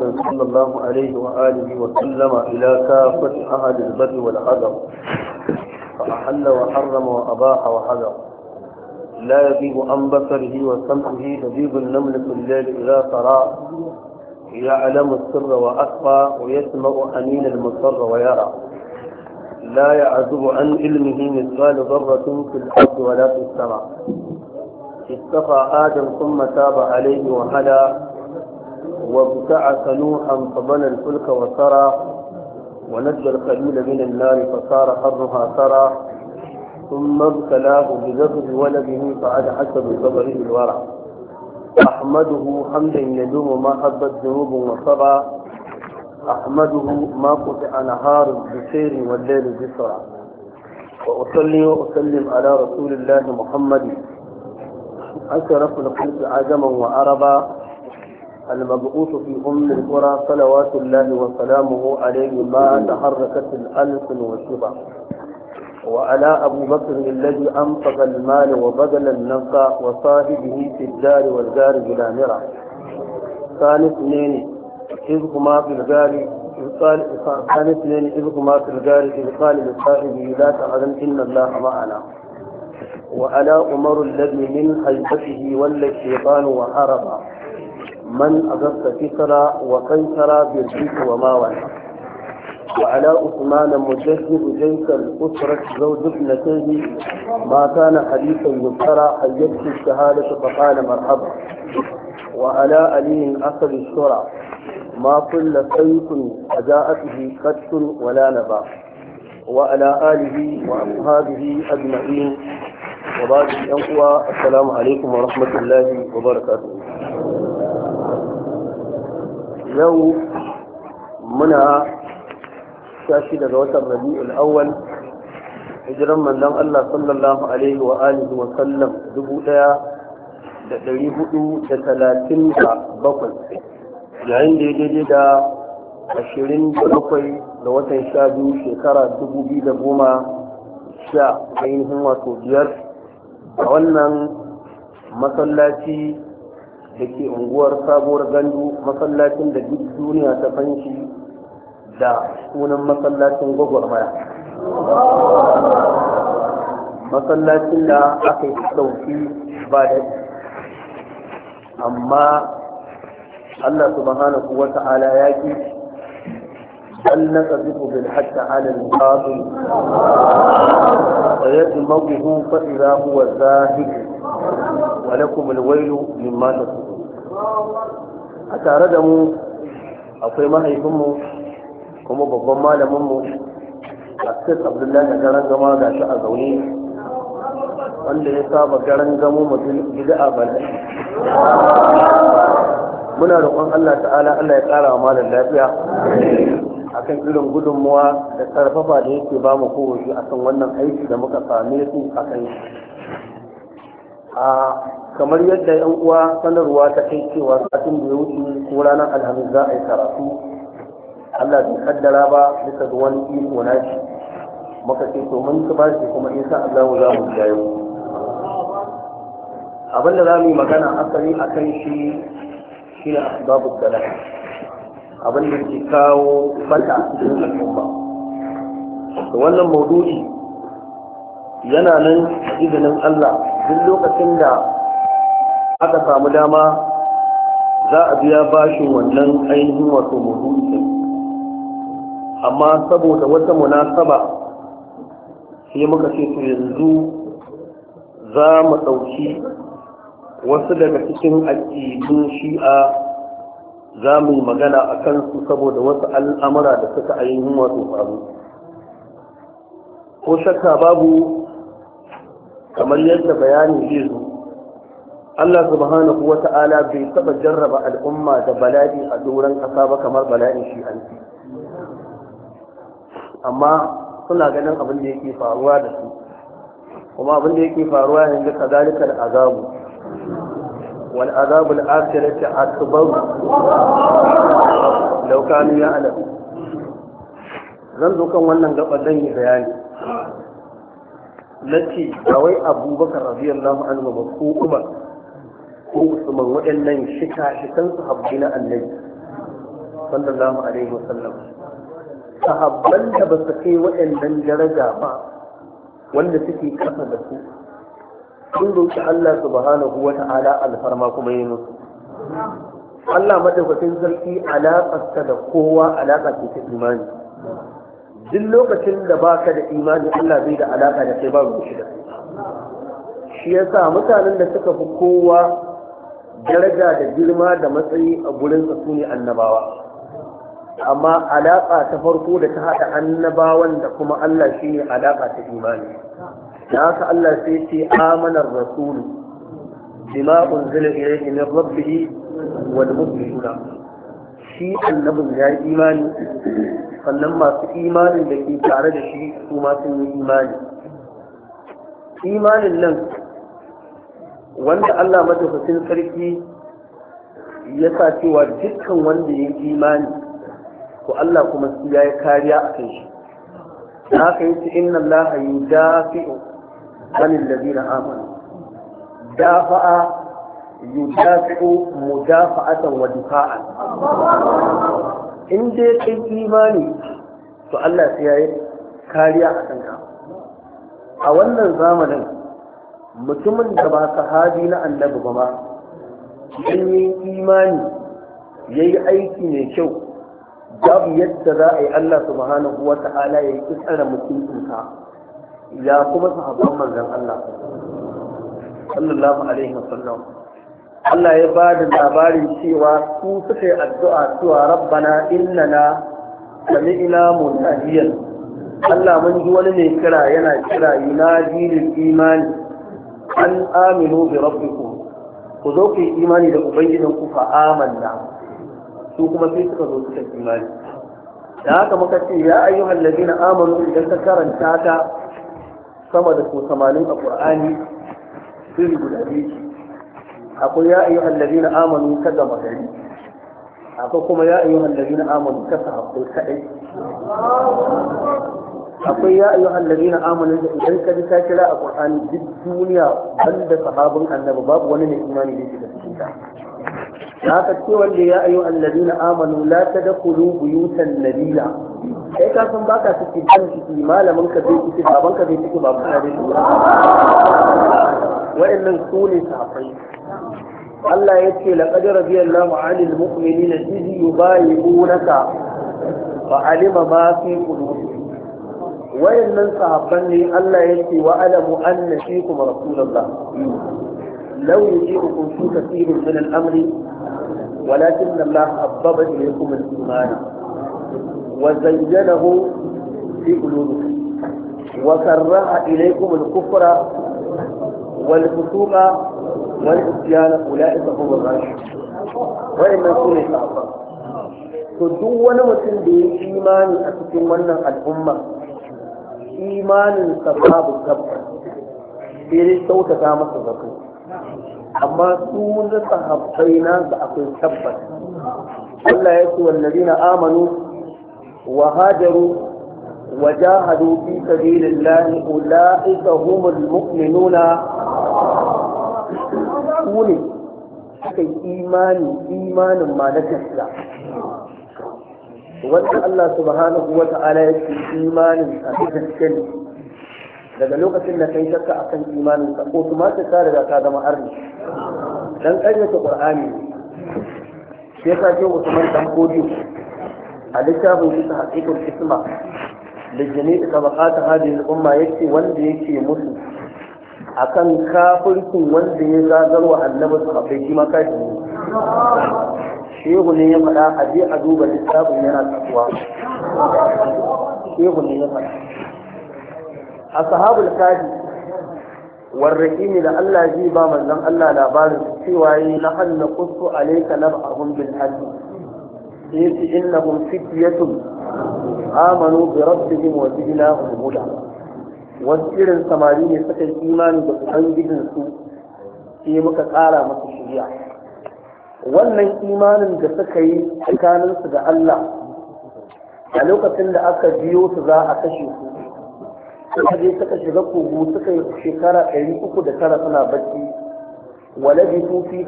محمد صلى الله عليه وآله وسلم إلى كافة أهل البر والحذر فأحل وحرم وأباح وحذر لا يغيب عن بصره وسمعه يذيب النمل في الليل إذا ترى يعلم السر وأخفى ويسمع أنين المصر ويرى لا يعزب عن علمه مثقال ذرة في الأرض ولا في السماء اصطفى آدم ثم تاب عليه وهدى وابتعث نوحا فبنى الفلك وسرى ونجى الخليل من النار فصار حرها سرى ثم ابتلاه بذبح ولده فعلى حسب صبره الورع أحمده حمدا يدوم ما حبت ذنوب وصبا أحمده ما قطع نهار بخير والليل بسرى وأصلي وأسلم على رسول الله محمد أشرف الخلق عجما وعربا المبعوث في أم القرى صلوات الله وسلامه عليه ما تحركت الألف والشبع وعلى أبو بكر الذي أنفق المال وبدل النفق وصاحبه في الدار والدار بلا مرة ثاني اثنين إذ هما في الغار ثالث اثنين إذ هما في الغار إذ قال لصاحبه لا تعلم إن الله معنا وعلى عمر الذي من حيبته ولى الشيطان وهرب من أضفت فكرة وقيصر بالجيش وماوى وعلى عثمان مجدد جيش الأسرة زوج ابنتيه ما كان حديثا يذكر أن يبكي الشهادة فقال مرحبا وعلى علي أسد الشرع ما كل سيف أجاءته قدس ولا نبا وعلى آله وأصحابه أجمعين وبعد الأنقوى السلام عليكم ورحمة الله وبركاته yau muna shashi daga watan rabi'ul awwal hijiran manzon Allah sallallahu alaihi wa alihi wa sallam dubu daya da dari hudu da talatin da bakwai yayin da ya daidai da ashirin da bakwai da watan sha biyu shekara dubu biyu da goma sha ainihin wato biyar a wannan masallaci da ke unguwar sabuwar gandu masallacin da duk duniya ta fanshi da sunan masallacin gwagwarmaya masallacin da aka yi sauki ba da amma Allah subhanahu wa ta'ala ya ki أن نقذف بالحق faɗi الباطل ويدمغه فإذا هو زاهد ولكم الويل مما تصفون a tare da mu akwai mahaifinmu kuma babban malaminmu a cikin abdullahi garan gama ga shi a zaune wanda ya saba garan gamo mutum a bala muna roƙon Allah ta'ala Allah ya ƙara wa malam lafiya akan irin gudunmuwa da ƙarfafa da yake ba mu kowace akan wannan aiki da muka same su akan a kamar yadda yan uwa sanarwa ta kai cewa satin da ya wuce ko ranar alhamis za a yi karatu allah bai kaddara ba bisa ga wani iko na shi muka ce to mun ci bashi kuma in sa allah za mu jayo abin da za mu yi magana asali a kan shi shi ne asbabu galah abin da ke kawo fata a cikin al'umma wannan maudu'i yana nan izinin allah duk lokacin da aka samu dama za a biya bashin wannan ainihin wato muhimmin amma saboda wata munasaba sai muka ce su yanzu za mu ɗauki wasu daga cikin aƙidun shi'a za mu yi magana a kansu saboda wasu al'amura da suka ainihin wato faru ko shakka babu kamar yadda bayani zai zo Allah subhanahu wa ta'ala bai taɓa jarraba al'umma da bala'i a doron ƙasa ba kamar bala'in shi an amma suna ganin abin da yake faruwa da su kuma abin da yake faruwa yanzu ka zalika da azabu Wani azabu na al'akirati akbaru law kanu ya'lam zan zo kan wannan gabar dan yi bayani nace ba wai abubakar radiyallahu anhu ba ko umar ko usman waɗannan shika shi su sahabbai na annabi sallallahu alaihi wasallam sahabban da ba su kai waɗannan daraja ba wanda suke kasa da su sun roƙi Allah subhanahu wa ta'ala alfarma kuma yi musu Allah madaukakin sarki alaƙarsa da kowa alaƙa ce ta imani duk lokacin da baka da imani Allah bai da alaƙa da kai ba ruwa shi da shi yasa mutanen da suka fi kowa daraja da girma da matsayi a gurin su ne annabawa amma alaƙa ta farko da ta haɗa annabawan da kuma Allah shi ne alaƙa ta imani da haka Allah sai ce amanar rasulu bima unzila ilayhi min rabbih wal mu'minuna shi annabin ya yi imani sannan masu imanin da ke tare da shi su ma sun yi imani imanin nan wanda Allah madaukakin sarki ya sa cewa dukkan wanda ya yi imani to Allah kuma su ya yi kariya a kan shi Na haka yace inna Allah yudafi'u anil ladina amanu dafa'a yudafi'u mudafa'atan wa difa'an in dai kai imani to Allah su ya yi kariya a kanka a wannan zamanin mutumin da ba sahabi na annabi ba ma idan yi imani ya yi aiki mai kyau babu yadda za a yi Allah subhanahu wa ta'ala ya yi tsara mutuntunsa ya kuma sahabban manzon Allah sallallahu alaihi wasallam Allah ya ba da labarin cewa su suka yi addu'a cewa rabbana innana sami'na munadiyan Allah mun ji wani mai kira yana kira yunadi lil imani an aminu bi rabbikum ku zo ku yi imani da ubangijin ku fa amanna su kuma sai suka zo suka imani da haka muka ce ya ayyuhal ladina amanu idan ka karanta ta sama da ko 80 a qur'ani sai guda biyu akwai ya ayyuhal ladina amanu kada magari akwai kuma ya ayyuhal ladina amanu kasa sahabbai kadai akwai ya ayyuha allazina amanu da idan ka ji ta kira a qur'ani duk duniya banda sahabin annabi babu wani mai imani da yake da cikin ta haka ce wanda ya ayyuha allazina amanu la tadkhulu buyutan nabila kai ka san baka ciki dan ciki malamin ka zai ciki baban ka zai ciki baban ka zai ciki wa'annan su ne sahabbai Allah ya ce laqad radiyallahu 'anil mu'minina idh yubayyi'unaka fa'alima ma fi qulubihim wayannan sahabban ne Allah yake wa alamu anna fikum rasulullah law yujibukum fi kathirin min al-amr walakin Allah habbaba ilaykum al-iman wa zayyanahu fi qulubikum wa karaha ilaykum al-kufra والفسوق والعصيان اولئك هم الراشدون wayannan su ne sahabban to duk wani mutum da ya imani a cikin wannan al'umma imanin sa babu tabbas sai kyautata masa zato amma su na sahabbai na da akwai tabbas Allah ya ce amanu wa hajaru وجاهدوا في سبيل الله أولئك هم المؤمنون سوني kai imani imanin ma na wanda Allah subhanahu wa ta'ala ya ce imanin ka gaske daga lokacin da kai shakka akan imanin ka ko kuma ta tare da ka zama arni dan karyata qur'ani sai ka ce Usman dan kodi a littafin shi ta haƙiƙar isma da jami'i ka bakata hadin umma yace wanda yake musu akan kafircin wanda ya zagarwa annabi sahabbai shi ma kafiri shehu ne ya faɗa a je a duba littafin yana tsakuwa. shehu ne ya faɗa a sahabul kaji warraki ne da Allah zai ba manzon Allah labarin cewa yi na hannu kusu alaika nab'ahum bil hannu. sai su innahum fityatun amanu bi rabbihim wa zidnahum huda wasu irin samari ne suka yi imani da ubangijinsu sai muka kara masu shiriya wannan imanin da suka yi tsakaninsu da Allah a lokacin da aka biyo su za a kashe su suka je suka shiga kogo suka yi shekara ɗari uku da tara suna bacci wala bi su yi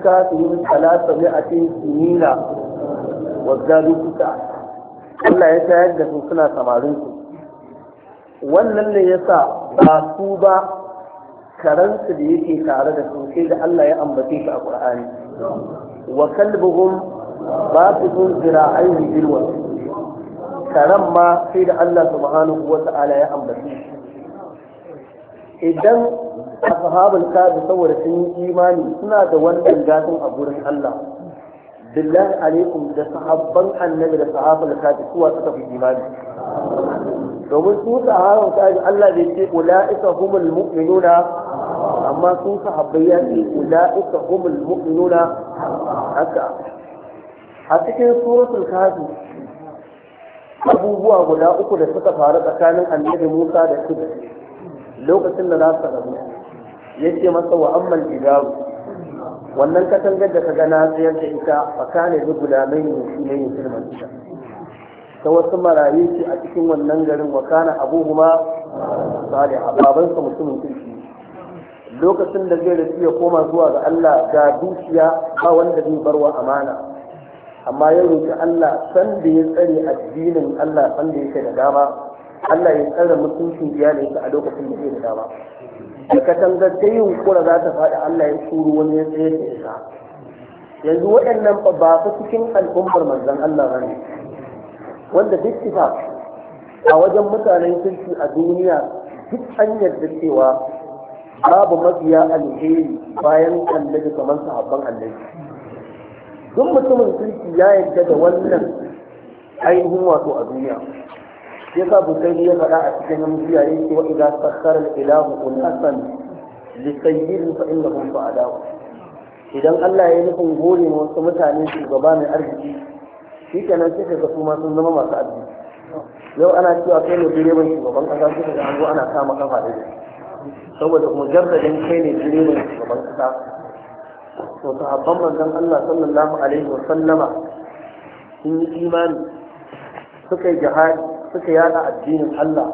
talata ne a cikin sinina wazzari kuka Allah ya tayar da su suna samarin su wannan ne ya sa ba su ba karansu da yake tare da su sai da Allah ya ambace shi a Qur'ani wa kalbuhum basitun zira'aihi bil wasl karan ma sai da Allah subhanahu wa ta'ala ya ambaci idan ashabul kafi saboda sun yi imani suna da wannan gatin a gurin Allah billahi alaikum da sahabban annabi da sahabul kafi suwa suka fi imani domin su sahabul kafi Allah bai ce ula'ika humul mu'minuna amma sun sahabbai ya ula'ika humul mu'minuna haka a cikin suratul kafi abubuwa guda uku da suka faru tsakanin annabi Musa da Kidda lokacin da za su rabu yace masa wa ammal idaru wannan katangar da ka gana tsayar da ita fa kane gulamai ne shi ne musulman ita ta wasu marayu ce a cikin wannan garin wa kana abuhuma salih babansa mutumin kirki lokacin da zai rasu ya koma zuwa ga Allah ga dukiya ba wanda zai barwa amana amma ya roƙi Allah san da ya tsare addinin Allah san da yake da dama Allah ya tsare mutuncin iyalinsa a lokacin da yake da dama da katanga ta yunkura za ta faɗi Allah ya shuru wani ya tsaye da isa yanzu waɗannan ba su cikin al'ummar manzon Allah ba ne wanda duk a wajen mutanen kirki a duniya duk an yarda cewa babu mabiya alheri bayan annabi kamar sahabban annabi duk mutumin kirki ya yarda da wannan ainihin wato a duniya sai ka bukai ya faɗa a cikin hamsiya ya ce wa idan sassara ilahu unasan lisayyirin fa inna hum fa'adahu idan Allah ya nufin gore ma wasu mutane su gaba mai arziki shi kenan sai ka su ma sun zama masu arziki yau ana cewa kai ne direban shugaban kasa suka ga an zo ana kama kafa da shi saboda mujarradin kai ne direban shugaban kasa to sahabban manzon Allah sallallahu alaihi wa sallama sun yi imani suka yi jihadi suka yada addinin Allah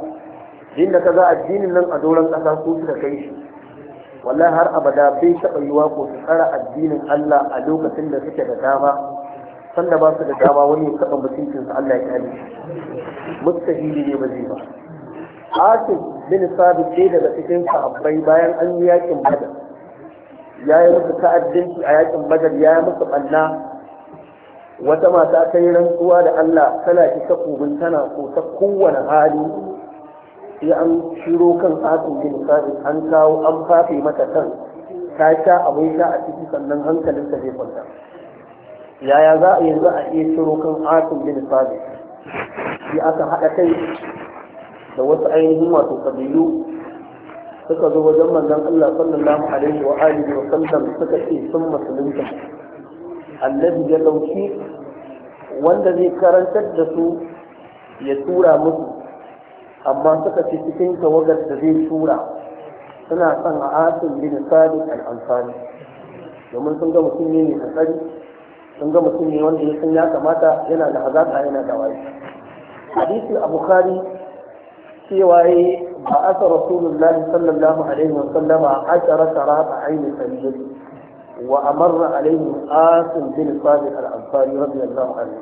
din da kaza addinin nan a doron kasa su suka kai shi wallahi har abada bai taɓa yiwa ko su tsara addinin Allah a lokacin da suke da dama sanda ba su da dama wani ya taɓa mutuncinsu Allah ya kare shi ne ba zai ba hasim bin sabit ne daga cikin sahabbai bayan an yi yakin badar ya yi musu ta'addanci a yakin badar ya yi musu ɓanna wata mata ta yi rantsuwa da Allah tana ki takobin tana ko ta kowane hali sai an shiro kan hasim bin sabit an kawo an fafe mata kan ta sha abin sha a ciki sannan ta zai kwanta yaya za a yanzu a iya shiro kan hasim bin sabit Ya aka haɗa kai da wasu ainihin wato kabilu suka zo wajen manzon Allah sallallahu alaihi wa alihi wa sallam suka ce sun musulunta annabi ya dauki wanda zai karantar da su ya tura musu amma suka ce cikin tawagar da zai tura suna son a asin bin sadiq al-ansari domin sun ga mutum ne mai tsari sun ga mutum ne wanda ya san ya kamata yana da hazaka yana da wayi hadisi a bukhari cewa yi ba aka rasulullah sallallahu alaihi wa sallama ashara sharaba aini sanjid wa amarra alaihi asim bin sabit al-ansari radiyallahu anhu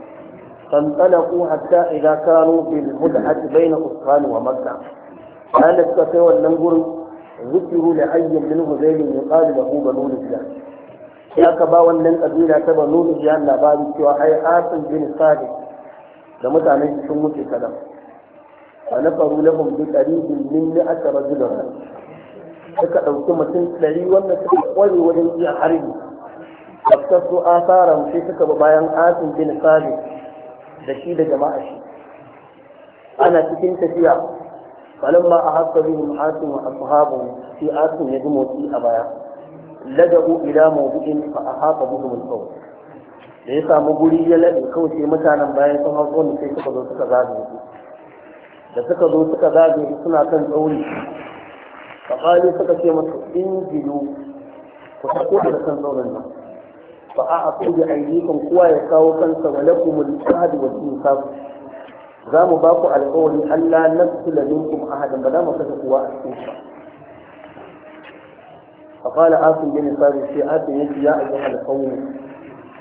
فانطلقوا حتى إذا كانوا في المدعة بين أسران ومكة كانت كثيرا لنقر ذكروا لأي منه زيد يقال له بنو نجيان يا كبا ولن قبيلة بنو نجيان لا بارك وحي آسم بن صادق لمتى نجي شمك كلام فنفروا لهم بقريب من مئة رجلا suka ɗauki mutum تنسلي wanda suka ƙware wajen iya harbi في su sai suka ba bayan asin bin sabi da shi da jama'a shi ana cikin tafiya falamma a haka bihim asin wa ashabu sai asin ya da ya samu guri ya laɗe kawai sai mutanen bayan sun hau tsohon sai suka zo suka zagaye da suka zo suka zage suna kan tsauri faƙali suka ce masu injilu ku sako da kan tsaurin nan fa a a aku bi ayyukan kowa ya kawo kansa wa lakumul ahadu wa insaf za mu ba ku alƙawari Allah na nafsula minkum ahadan ba za mu kasa kuwa a cikin sa فقال آسم a صابر في ya يا أيها القوم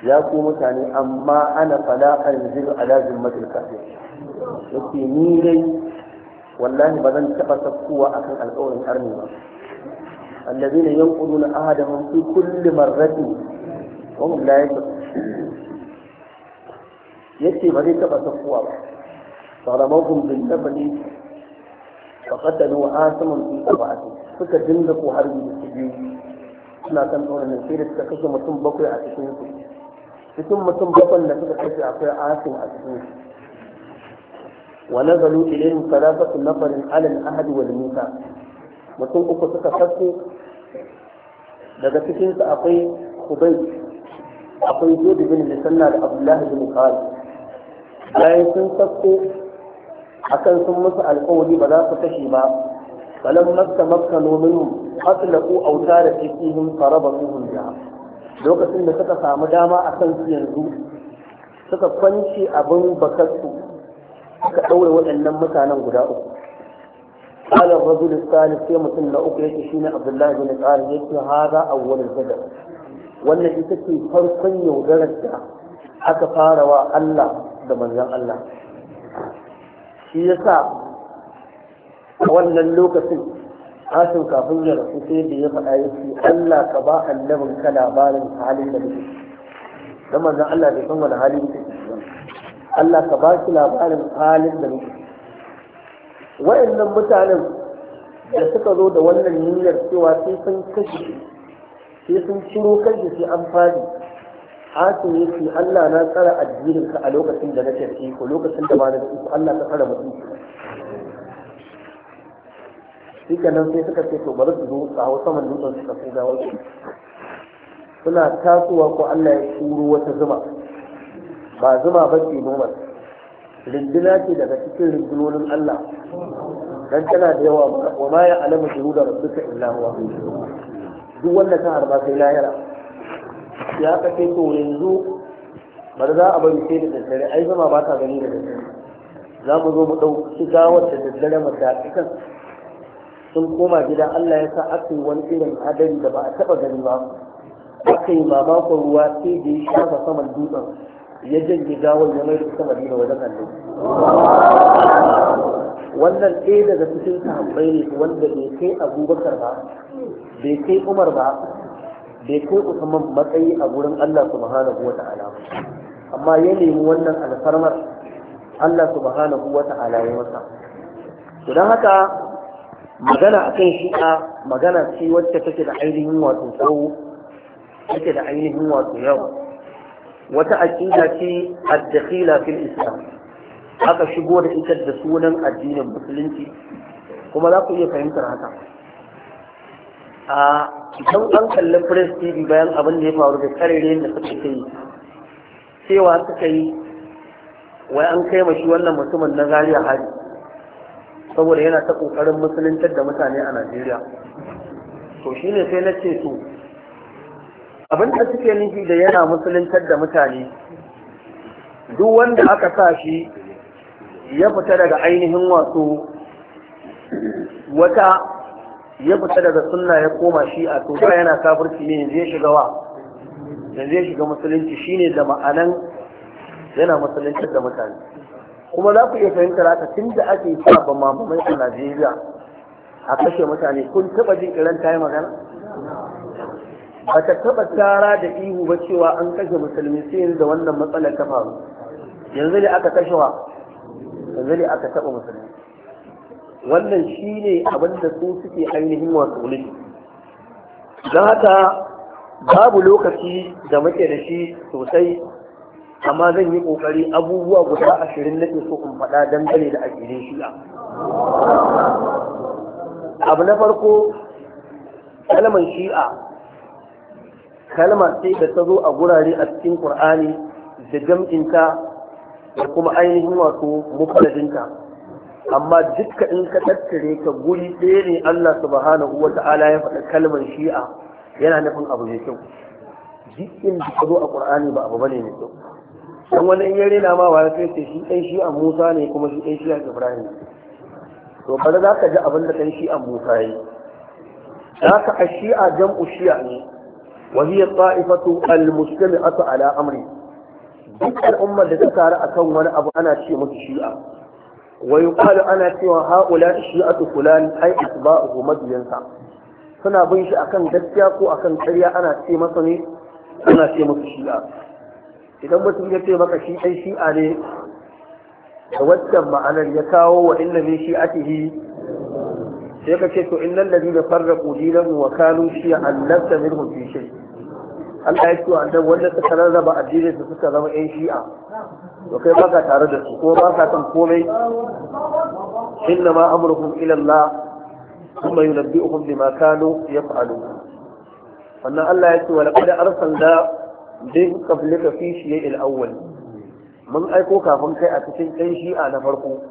ya ku mutane amma ana فلا أنزل على ذمة الكافرين yake ni dai wallahi ba zan taɓa sakkowa akan alƙawarin arni ba الذين ينقضون عهدهم في كل مرة وهم لا يتقون yace ba zai taɓa sakkowa ba saramakum bin tabali faqatalu asiman fi sab'ati suka dinga ko harbi da su biyu suna kan tsoron nan sai da suka kashe mutum bakwai a cikin su cikin mutum bakwai da suka kashe akwai asim a cikin su ونزلوا إليهم ثلاثة نفر على الأحد والميثاق mutum uku suka sako daga cikinsa akwai kubai akwai jodi bin lisanna da abdullahi bin kawai bayan sun sako akan sun musu alkawari ba za su kashe ba falan makka makka nomin aslaku auta da cikin faraba muhun da lokacin da suka samu dama a kansu su yanzu suka kwance abin bakarsu aka ɗaure waɗannan mutanen guda uku قال الرجل الثالث في مثل أوك yake عبد الله بن قال يتي هذا أول الجدل وأن يتكي فرقا يودرد أكفار الله دمن الله shi ya sa a wannan lokacin asin kafin ya rasu sai da ya faɗa ya ce Allah ka ba annabin ka labarin halin da muke Allah san wani hali muke Allah ka ba shi labarin halin da muke wa'annan mutanen da suka zo da wannan niyyar cewa sai sun kashe sai sun ciro da sai an fadi hakin yake Allah na tsara addinin ka a lokacin da na tafi ko lokacin da ba na tafi Allah ka tsara mutum shi nan sai suka ce to bari su zo a hau saman dutsen suka sai gawar suna tasowa ko Allah ya turo wata zuma ba zuma ba ce noman rinduna ce daga cikin rindunonin Allah dan tana da yawa wa ma ya alama shiru da rabbuka illa huwa duk wanda ta harba sai lahira ya ka ce to yanzu bar za a bari sai da daddare ai zuma ba ta gani da daddare za mu zo mu ɗauki gawar da daddare mu kan sun koma gida Allah ya sa aka yi wani irin hadari da ba a taɓa gani ba aka yi mamakon ruwa sai da ya shafa saman dutsen ya janye gawar ya mai da madina wajen allo. wannan ɗaya daga cikin sahabbai ne wanda bai kai abubakar ba bai kai umar ba bai kai usman matsayi a gurin allah subhanahu wa ta'ala amma ya nemi wannan alfarmar allah subhanahu wa ta'ala ya masa to don haka magana a kan shi a magana ce wacce take da ainihin wato tsawo take da ainihin wato yawa wata aƙida ce addakhila fil islam aka shigo da ita da sunan addinin musulunci kuma za ku iya fahimtar haka a an kalli press tv bayan abin da ya faru da karere da suka kai cewa suka yi wai an kai mashi wannan mutumin na zariya hari saboda yana ta ƙoƙarin musuluntar da mutane a najeriya to shine sai na ce to abin da suke nufi da yana musuluntar da mutane duk wanda aka sa shi ya fita daga ainihin wato wata ya fita daga sunna ya koma shi a to yana kafirci ne yanzu ya shiga wa yanzu ya shiga musulunci shine da ma'anan yana musuluntar da mutane kuma za ku iya fahimtar haka tun da ake sa ba mamamai a Najeriya a kashe mutane kun taba jin irin ta yi magana ba ta taɓa tara da ihu ba cewa an kashe musulmi sai yanzu da wannan matsalar ta faru yanzu ne aka kashe wa yanzu ne aka taɓa musulmi wannan shi ne abin da su suke ainihin wasu wuli don haka babu lokaci da muke da shi sosai amma zan yi ƙoƙari abubuwa guda ashirin nake so in faɗa dangane da aƙirin shi'a abu na farko kalmar shi'a kalma sai da ta zo a gurare a cikin qur'ani da jam'inta da kuma ainihin wato mufradinta amma dukka in ka tattare ka guri ɗaya ne Allah subhanahu wata'ala ya faɗa kalmar shi'a yana nufin abu mai kyau Dukkan da ka zo a qur'ani ba abu bane mai kyau dan wani in ya rena ma wa sai ce shi ɗan shi'a Musa ne kuma shi ɗan shi'a Ibrahim to bari za ka ji abin da ɗan shi'a Musa yi za ka a shi'a jam'u shi'a ne وهي الطائفة المجتمعة على أمره duk al'ummar da ta taru a kan wani abu ana ce musu shi'a wa yuqalu ana cewa haula shi'atu fulan ai asba'uhu mabiyansa suna bin shi akan gaskiya ko akan ƙarya ana ce masa ne ana ce musu shi'a idan mutum ya ce maka shi ai shi'a ne da wancan ma'anar ya kawo wa inna min shi'atihi sai ka ce to innal ladina farraqu dinahum wa kanu Allah ya ciwo annabi wanda suka rarraba addinin su suka zama yan shi'a to kai baka tare da su ko baka san komai inna ma amruhum ila Allah kuma yunabbi'uhum bima kanu yaf'alun wannan Allah ya ce laqad arsalna bin qablika fi shi'il awwal mun aiko kafin kai a cikin ɗan shi'a na farko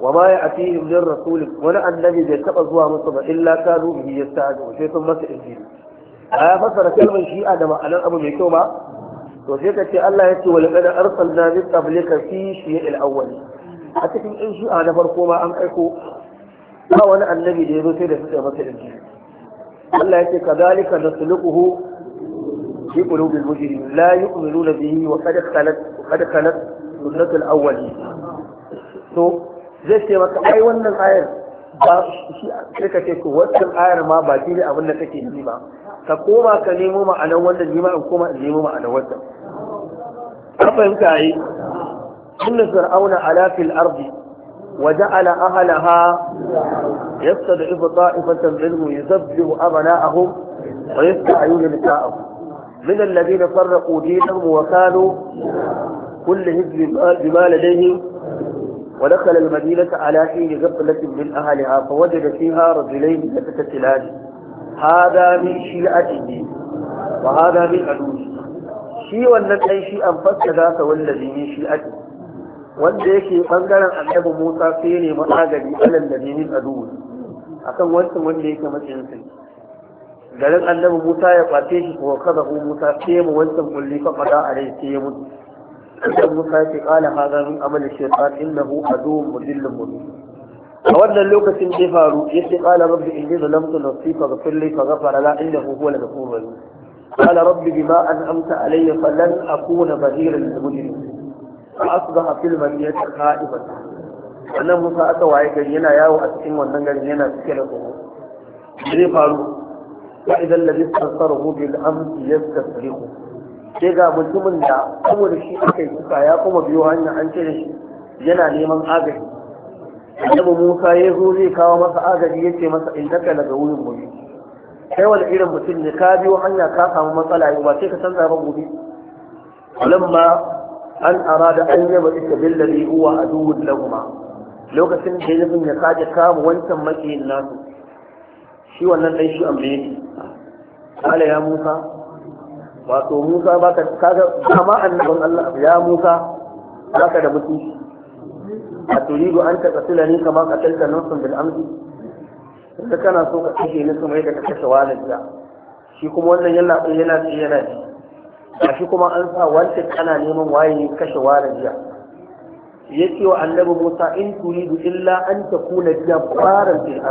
wa ma ya atihim min wani annabi bai taɓa zuwa musu ba illa kanu bihi sun masa injili a ya fassara kalmar shi'a da ma'anar abu mai kyau ba to sai ka ce Allah ya ce wa laqad arsalna min qablika fi shi'il awwal a cikin in shi'a na farko ma an aiko ba wani annabi da ya zo sai da suka masa inji Allah ya ce kadhalika nasluquhu fi qulubil mujrimin la yu'minuna bihi wa qad khalat wa qad khalat sunnatul awwalin to zai ce maka ai wannan ayar ba shi sai ka ce ko wannan ayar ma ba shi ne abin da kake yi ba ka koma ka nemo ma'anar wannan nima in koma in nemo ma'anar wannan ka fahimta yi inna fir'auna ala fil ardi wa ja'ala ahlaha yastad'ifu ta'ifatan minhum yuzabbihu abna'ahum wa yasta'yinu nisa'ahum من الذين فرقوا دينهم وكانوا كل حزب بما لديهم ودخل المدينة على حين غفلة من أهلها فوجد فيها رجلين يتكتلان hada min shi'atihi wa hada min adushi shi wannan ɗan shi an fassara sa wallazi min shi'ati wanda yake bangaren annabi Musa sai ne magani alal ladhi min adu akan wancan wanda matsayin garin annabi Musa ya kwace shi ko kaza ko Musa sai mu wancan kulli fa fada a rai sai ya sai Musa ya ce qala hadha min amali shaytan innahu adu mudillun mubin a wannan lokacin zai faru ya ce kala rabbi inni zalamtu nafsi faghfir li faghfara la innahu huwal ghafurur rahim qala rabbi bima an'amta alayya falan akuna badhiran lil mujrimin fa asbaha fil madinati qa'iman annan musa aka waye gari yana yawo a cikin wannan garin yana cike da tsoro zai faru idan ladhi tasarruhu sai ga mutumin da saboda shi aka yi ya kuma biyo hanya an ce da shi yana neman agaji annabi Musa ya zo zai kawo masa agaji ya ce masa in daga daga wurin gobe Sai wani irin mutum ne ka biyo hanya ka samu matsala yau ba sai ka canza ba gobe lamma an arada an yaba ita billahi huwa aduwwun lahuma lokacin da ya ya kaje kamu wancan makiyin nasu shi wannan dai shi ambe ne. kala ya Musa wato Musa baka kaga kama annabin Allah ya Musa baka da mutunci a turidu an ta kasila ne kama ka talta nusun bil amdi kana so ka kashe ni kuma yadda ka kashe walidda shi kuma wannan yana yana yana ji a shi kuma an sa wancan kana neman waye ne kashe walidda ya ce wa annabi musa in turidu illa an ta kuna jabbaran fil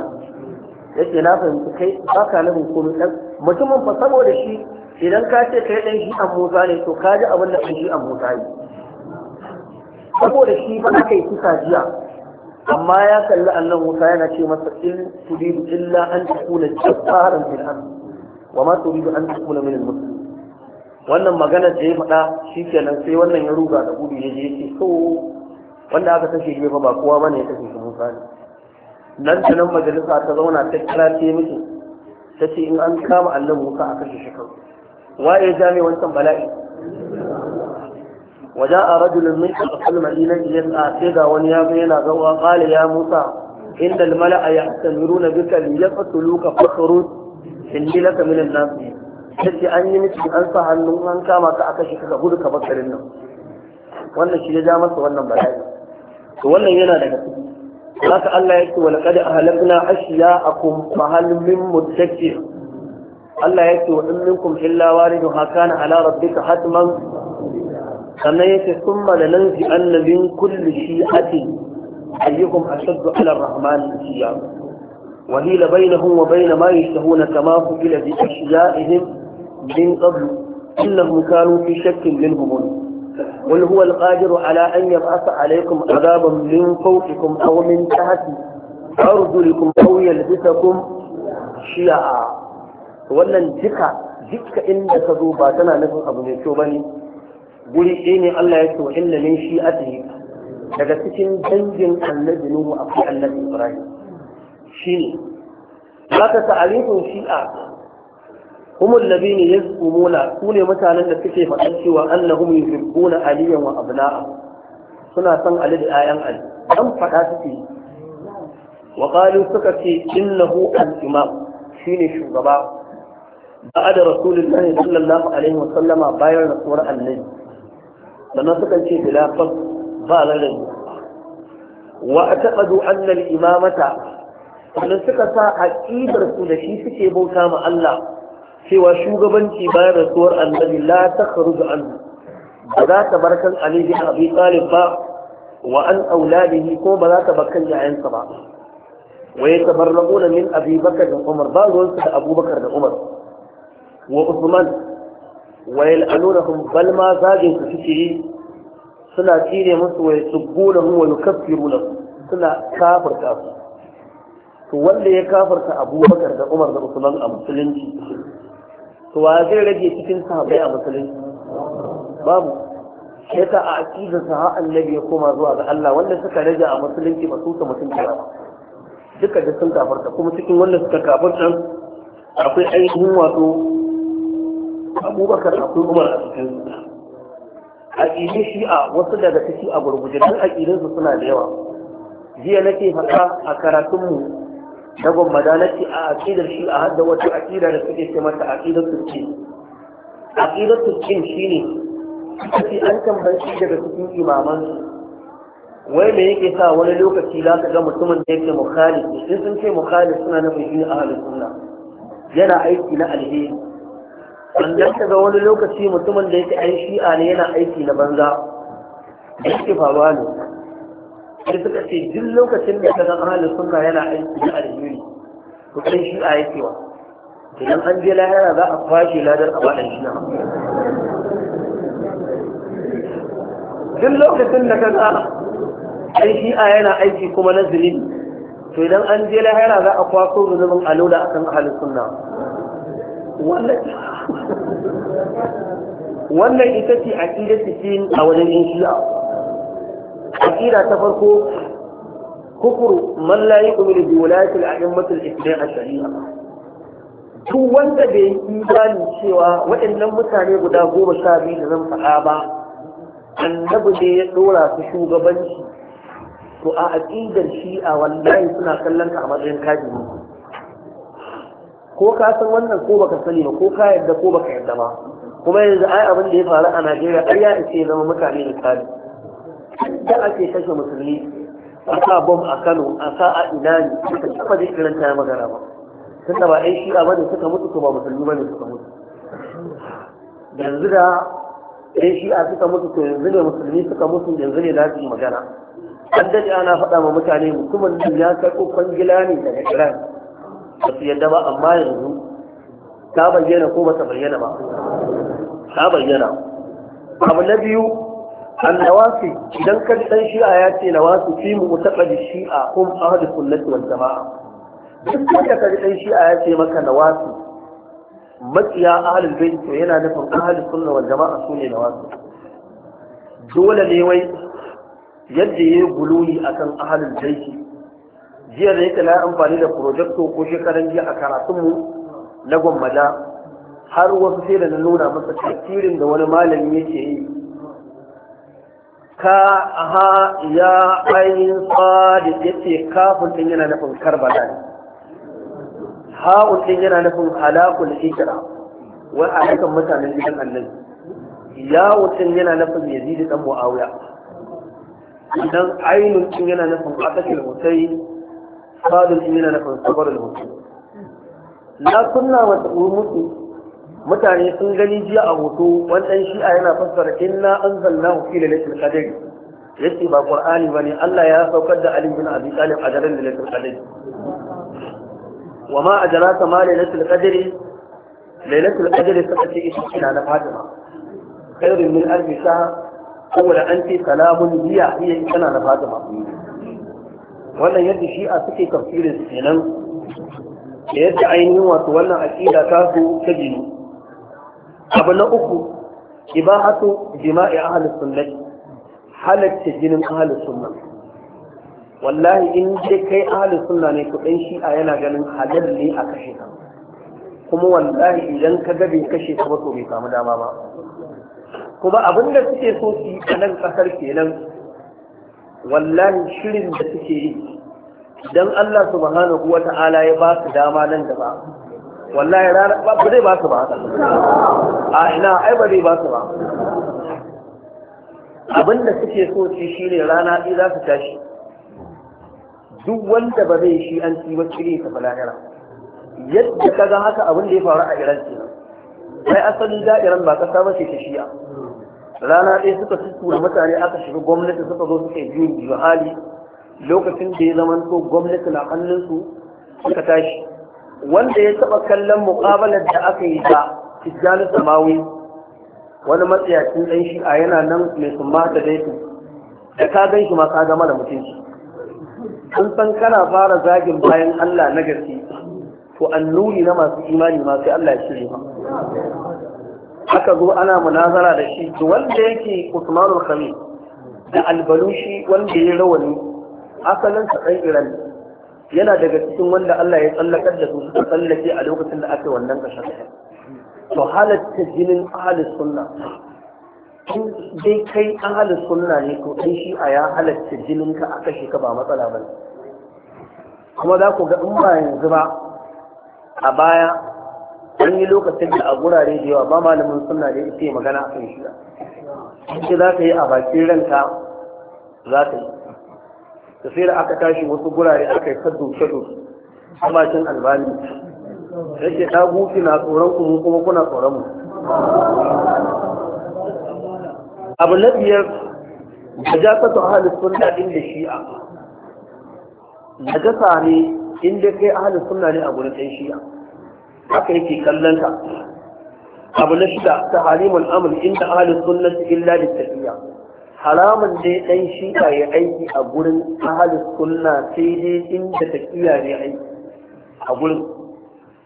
Ya ce na fahimci kai ba ka nufin komai ɗan mutumin fa saboda shi idan ka ce kai ɗan shi an musa ne to ka ji abin da ɗan shi an musa ne saboda shi ba aka yi kisa jiya amma ya kalli annan wuta yana ce masa in turidu illa an takuna jabbaran fil ard wa ma turidu an takuna min al-muslimin wannan magana da ya faɗa shikenan sai wannan ya ruga da gudu ya je yake so wanda aka kashe shi ba kowa bane ya kashe shi Musa ne nan da nan majalisa ta zauna ta kira ta miki ta ce in an kama Allah Musa a kashe shi kawai waye ya ja bala'i وجاء رجل من أقصى المدينة wani سيدا ونيابينا غوا قال يا موسى إن الملأ يأتمرون بك ليقتلوك فاخرج إني لك من الناس sai an yi miki an sa hannun an kama ka aka shi ka gudu ka bakarin nan wannan shi ya ja masa wannan bala'i to wannan yana daga ciki haka Allah ya ce wa laqad ahlakna ashya'akum fa hal min mudakkir Allah ya ce wa in minkum illa waridu hakana ala rabbika hatman sannan yake sun nan ji annabin kulli shi ati ayyukum ashaddu ala rahman siya wahila bainahum wa bain ma yashtahuna kama fuqila bi ashya'ihim min qabl innahum kanu fi shakkin minhum قل هو القادر على أن يبعث عليكم عذابا من فوقكم أو من تحت أرجلكم أو يلبسكم شيعا wannan jika jika inda ka zo ba tana nufin abu mai kyau bane guri ɗaya ne Allah ya ce wa inna min shi'atihi daga cikin dangin annabi Nuhu a kai annabi Ibrahim Shi ne. Za shine zaka ta'alifun shi'a هم الذين يزعمون سون mutanen da suke faɗan cewa annahum yuhibbuna aliyan wa abna'a suna son ali da ayan ali dan faɗa suke wa qalu suka ce innahu al-imam shine shugaba ba'da rasulullahi sallallahu alaihi wa sallama bayan rasuwar annabi sannan sukan ce bilafaf ba larin wa a taɓa annal imamata sannan suka sa aƙidar su da shi suke bauta ma Allah cewa shugabanci bayan rasuwar annabi la ta kharuju an ba za ta bar kan Ali a Abi Talib ba wa an auladihi ko ba za ta bar kan yayansa ba wa yatabarrabuna min Abi Bakar da Umar ba ruwansu da Abubakar da Umar wa Usman wa yal'anunahum bal ma zagin su suke yi suna tsire musu wa yasubbunahum wa yukaffirunahum suna kafirta su to wanda ya kafarta abubakar da umar da usman a musulunci to wa zai rage cikin sahabbai a musulunci babu sai ta a aƙida sa annabi ya koma zuwa ga Allah wanda suka rage a musulunci ba su ta mutum kira ba duka da sun kafarta kuma cikin wanda suka kafarta akwai ainihin wato abubakar akwai umar a cikin A aƙidin shi'a wasu daga ciki a gurguje don aƙidinsu suna da yawa jiya nake faɗa a karatunmu na gwamnati nake a aƙidar shi'a har da wata aƙida da suke ce mata aƙidar turki aƙidar turkin shi ne kace an tambayi daga cikin imaman wai me yake sa wani lokaci za ka ga mutumin da yake mukhalif in sun ce mukhalif suna nufin shi ahlus sunna yana aiki na alheri sannan ka ga wani lokaci mutumin da yake ai shi'a ne yana aiki na banza yake faruwa ne sai suka ce duk lokacin da ka ga ahalin sunna yana aiki na alheri to kai a yake wa idan an je lahira za a kwashe ladar a baɗan shi na duk lokacin da ka ga ai shi'a yana aiki kuma na zunubi to idan an je lahira za a kwaso zunubin alola akan ahalin sunna wannan wannan ita ce aƙidar cikin a wajen yin shi'a ta farko kufuru man la yu'minu bi wilayati al-a'immatul islam ash-shari'a duk wanda bai yi imani cewa waɗannan mutane guda goma sha biyu da zan faɗa ba annabi ne ya ɗora su shugabanci to a aƙidar shi'a wallahi suna kallon ka a matsayin kajin ko ka san wannan ko baka sani ba ko ka yarda ko baka yarda ba kuma yanzu ai abin da ya faru a Najeriya ai ya ishe zama mutane misali da ake kashe musulmi a sa bom a Kano a sa a ina ne suka taba jin irin ta magana ba tunda ba ai shi'a bane suka mutu ko ba musulmi bane suka mutu yanzu da ai shi'a suka mutu to yanzu ne musulmi suka mutu yanzu ne da magana an daɗe ana faɗa ma mutane mutumin ya karɓo kwangila ne daga Iran ba su yadda ba amma yanzu ta bayyana ko ba ta bayyana ba ta bayyana abu na biyu an nawasi idan ka dan shi'a ya ce nawasi fi mu mutaqadi shi'a hum ahli sunnati wal jamaa duk wanda ka dan shi'a ya ce maka nawasi matsiya ahli bayt to yana nufin ahli sunna wal jamaa sune nawasi dole ne wai yadda yayi gululi akan ahli bayt jiya da yake na amfani da projecto ko shekaran jiya a karatunmu na gwammada har wasu sai da na nuna masa tasirin da wani malami yake yi ka ha ya ainihin sadi ya ce kafin ɗin yana nufin karbala ne ha'un ɗin yana nufin halakul hijira wai halakan mutanen gidan annabi ya ɗin yana nufin yazidi ɗan mu'awiya idan ainihin ɗin yana nufin asakil husayn قالوا إننا نحن الصبر hutu. na kunna mata mutu mutane sun gani jiya a hoto wani ɗan shi'a yana fassara inna anzalna fi lailatul qadr yace ba qur'ani ne. Allah ya saukar da Ali bin Abi Talib a daren lailatul qadr wa ma ajraka ma lailatul qadr lailatul qadr suka ce ita ce na Fatima khairun min alfi kuma da an ce salamun biya hiya ita na Fatima wannan yadda shi'a suke tafsirin kenan da yadda ainihin wato wannan aƙida ta su ta jini abu na uku ibahatu jima'i ahlus sunnah halatta jinin ahlus sunnah wallahi in dai kai ahlus sunna ne to dan shi'a yana ganin halal ne a kashe ka kuma wallahi idan ka ga bai kashe ka ba to bai samu dama ba kuma abin da suke so su yi a nan kasar kenan wallahi shirin da suke yi idan Allah subhanahu wa ta'ala ya ba su dama nan da ba wallahi rana ba zai ba su ba a ina ai ba zai ba su ba abinda suke so shi ne rana ɗi za su tashi duk wanda ba zai shi an ci ba cire ta balahira yadda ka ga haka abin da ya faru a iran kenan sai asali da iran ba kasa ba ce ta shi'a rana ɗaya suka tura mutane aka shiga gwamnati suka zo suka yi biyu hali lokacin da ya zama to gwamnati na hannunsu suka tashi wanda ya taɓa kallon muƙabalar da aka yi da tijjani samawi wani matsayacin ɗan a yana nan mai summa da daifu da ka gan shi ma ka gama da mutunci sun san kana fara zagin bayan allah na gaske to annuni na masu imani ma allah ya shirya aka zo ana munazara da shi to wanda yake Usmanul Khamis da Albalushi wanda ya rawani asalin sa dan Iran yana daga cikin wanda Allah ya tsallakar da su suka tsallake a lokacin da aka wannan kashe to halatta jinin ahlus sunna Kin dai kai ahlus sunna ne to kai shi a ya halatta jinin ka aka shi ka ba matsala bane kuma za ku ga in ba yanzu ba a baya an yi lokacin da a gurare da yawa ba malamin suna da ita magana a kan shiga in za ka yi a bakin ranka za ka yi da sai da aka tashi wasu gurare aka yi kaddo kaddo bakin albani yake ta gufi na tsoron ku kuma kuna tsoron mu abu na biyar da ja ka tsohon halittun daɗin da shi'a najasa ne inda kai ahalin sunna ne a gurin ɗan shi'a haka yake kallon ta abu na shida ta halimun amur inda ahalin sunnati illa da tafiya haramun dai dan shi'a ya aiki a gurin ahalin sunna sai dai inda tafiya ne aiki a gurin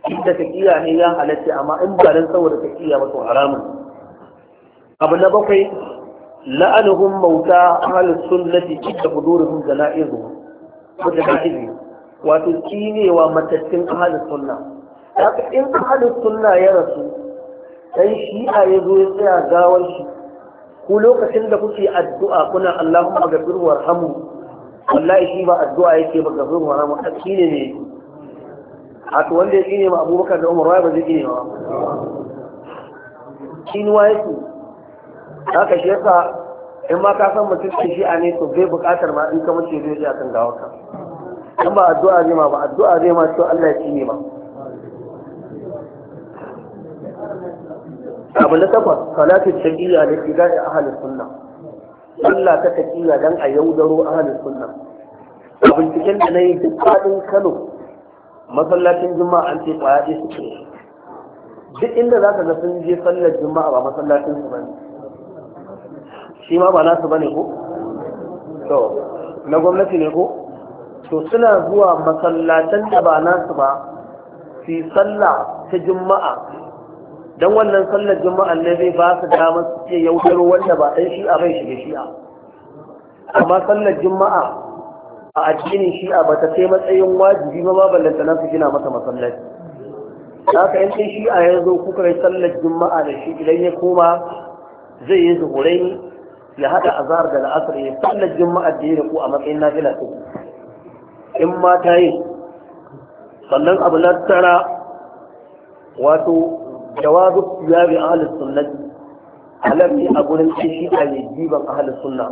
inda tafiya ne ya halatta amma in ba dan saboda tafiya ba to haramun abu na bakwai la'anuhum mauta ahalin sunnati inda budurihum jana'izuhum ko jana'izuhum wato kinewa matattun ahalin sunna haka in ahalus sunna ya rasu dan shi'a ya zo ya tsaya gawar shi ku lokacin da kuke addu'a kuna Allahumma ghafir warhamu wallahi shi ba addu'a yake ba ghafir warhamu shine ne a to wanda ya kine ma Abubakar da Umar ba zai kine ba shin ku? yake haka shi yasa in ma ka san mutum shi shi'a ne to bai buƙatar ma in ka mace zai ji akan ka. in ba addu'a zai ma ba addu'a zai ma to Allah ya tsine ba. abu na takwas salatu shaqiyya da ibada ahli sunna sallah ta taqiya don a yaudaro a halin sunna a binciken da na yi duk faɗin Kano masallacin juma'a an ce ƙwaya ɗaya suke duk inda za ka ga sun je sallar juma'a ba masallacin su ne. shi ma ba nasu bane ko to na gwamnati ne ko to suna zuwa masallacin da ba nasu ba su yi sallah ta juma'a dan wannan sallar juma'a ne zai ba su dama su ce yaudaro wanda ba ɗan shi'a bai shiga shi'a amma sallar juma'a a addinin shi'a ba ta kai matsayin wajibi ba ballanta na su gina masa masallaci haka yan ɗan shi'a ya zo kuka yi sallar juma'a da shi idan ya koma zai yi zuhurai ya haɗa azhar da la'asar ya sallar juma'a da ya ku a matsayin nafila ko in ma ta yi sannan abu na tara wato jawazu tiyabi ahlus sunnah alamni a gurin shi'a ne jiban ahlus sunnah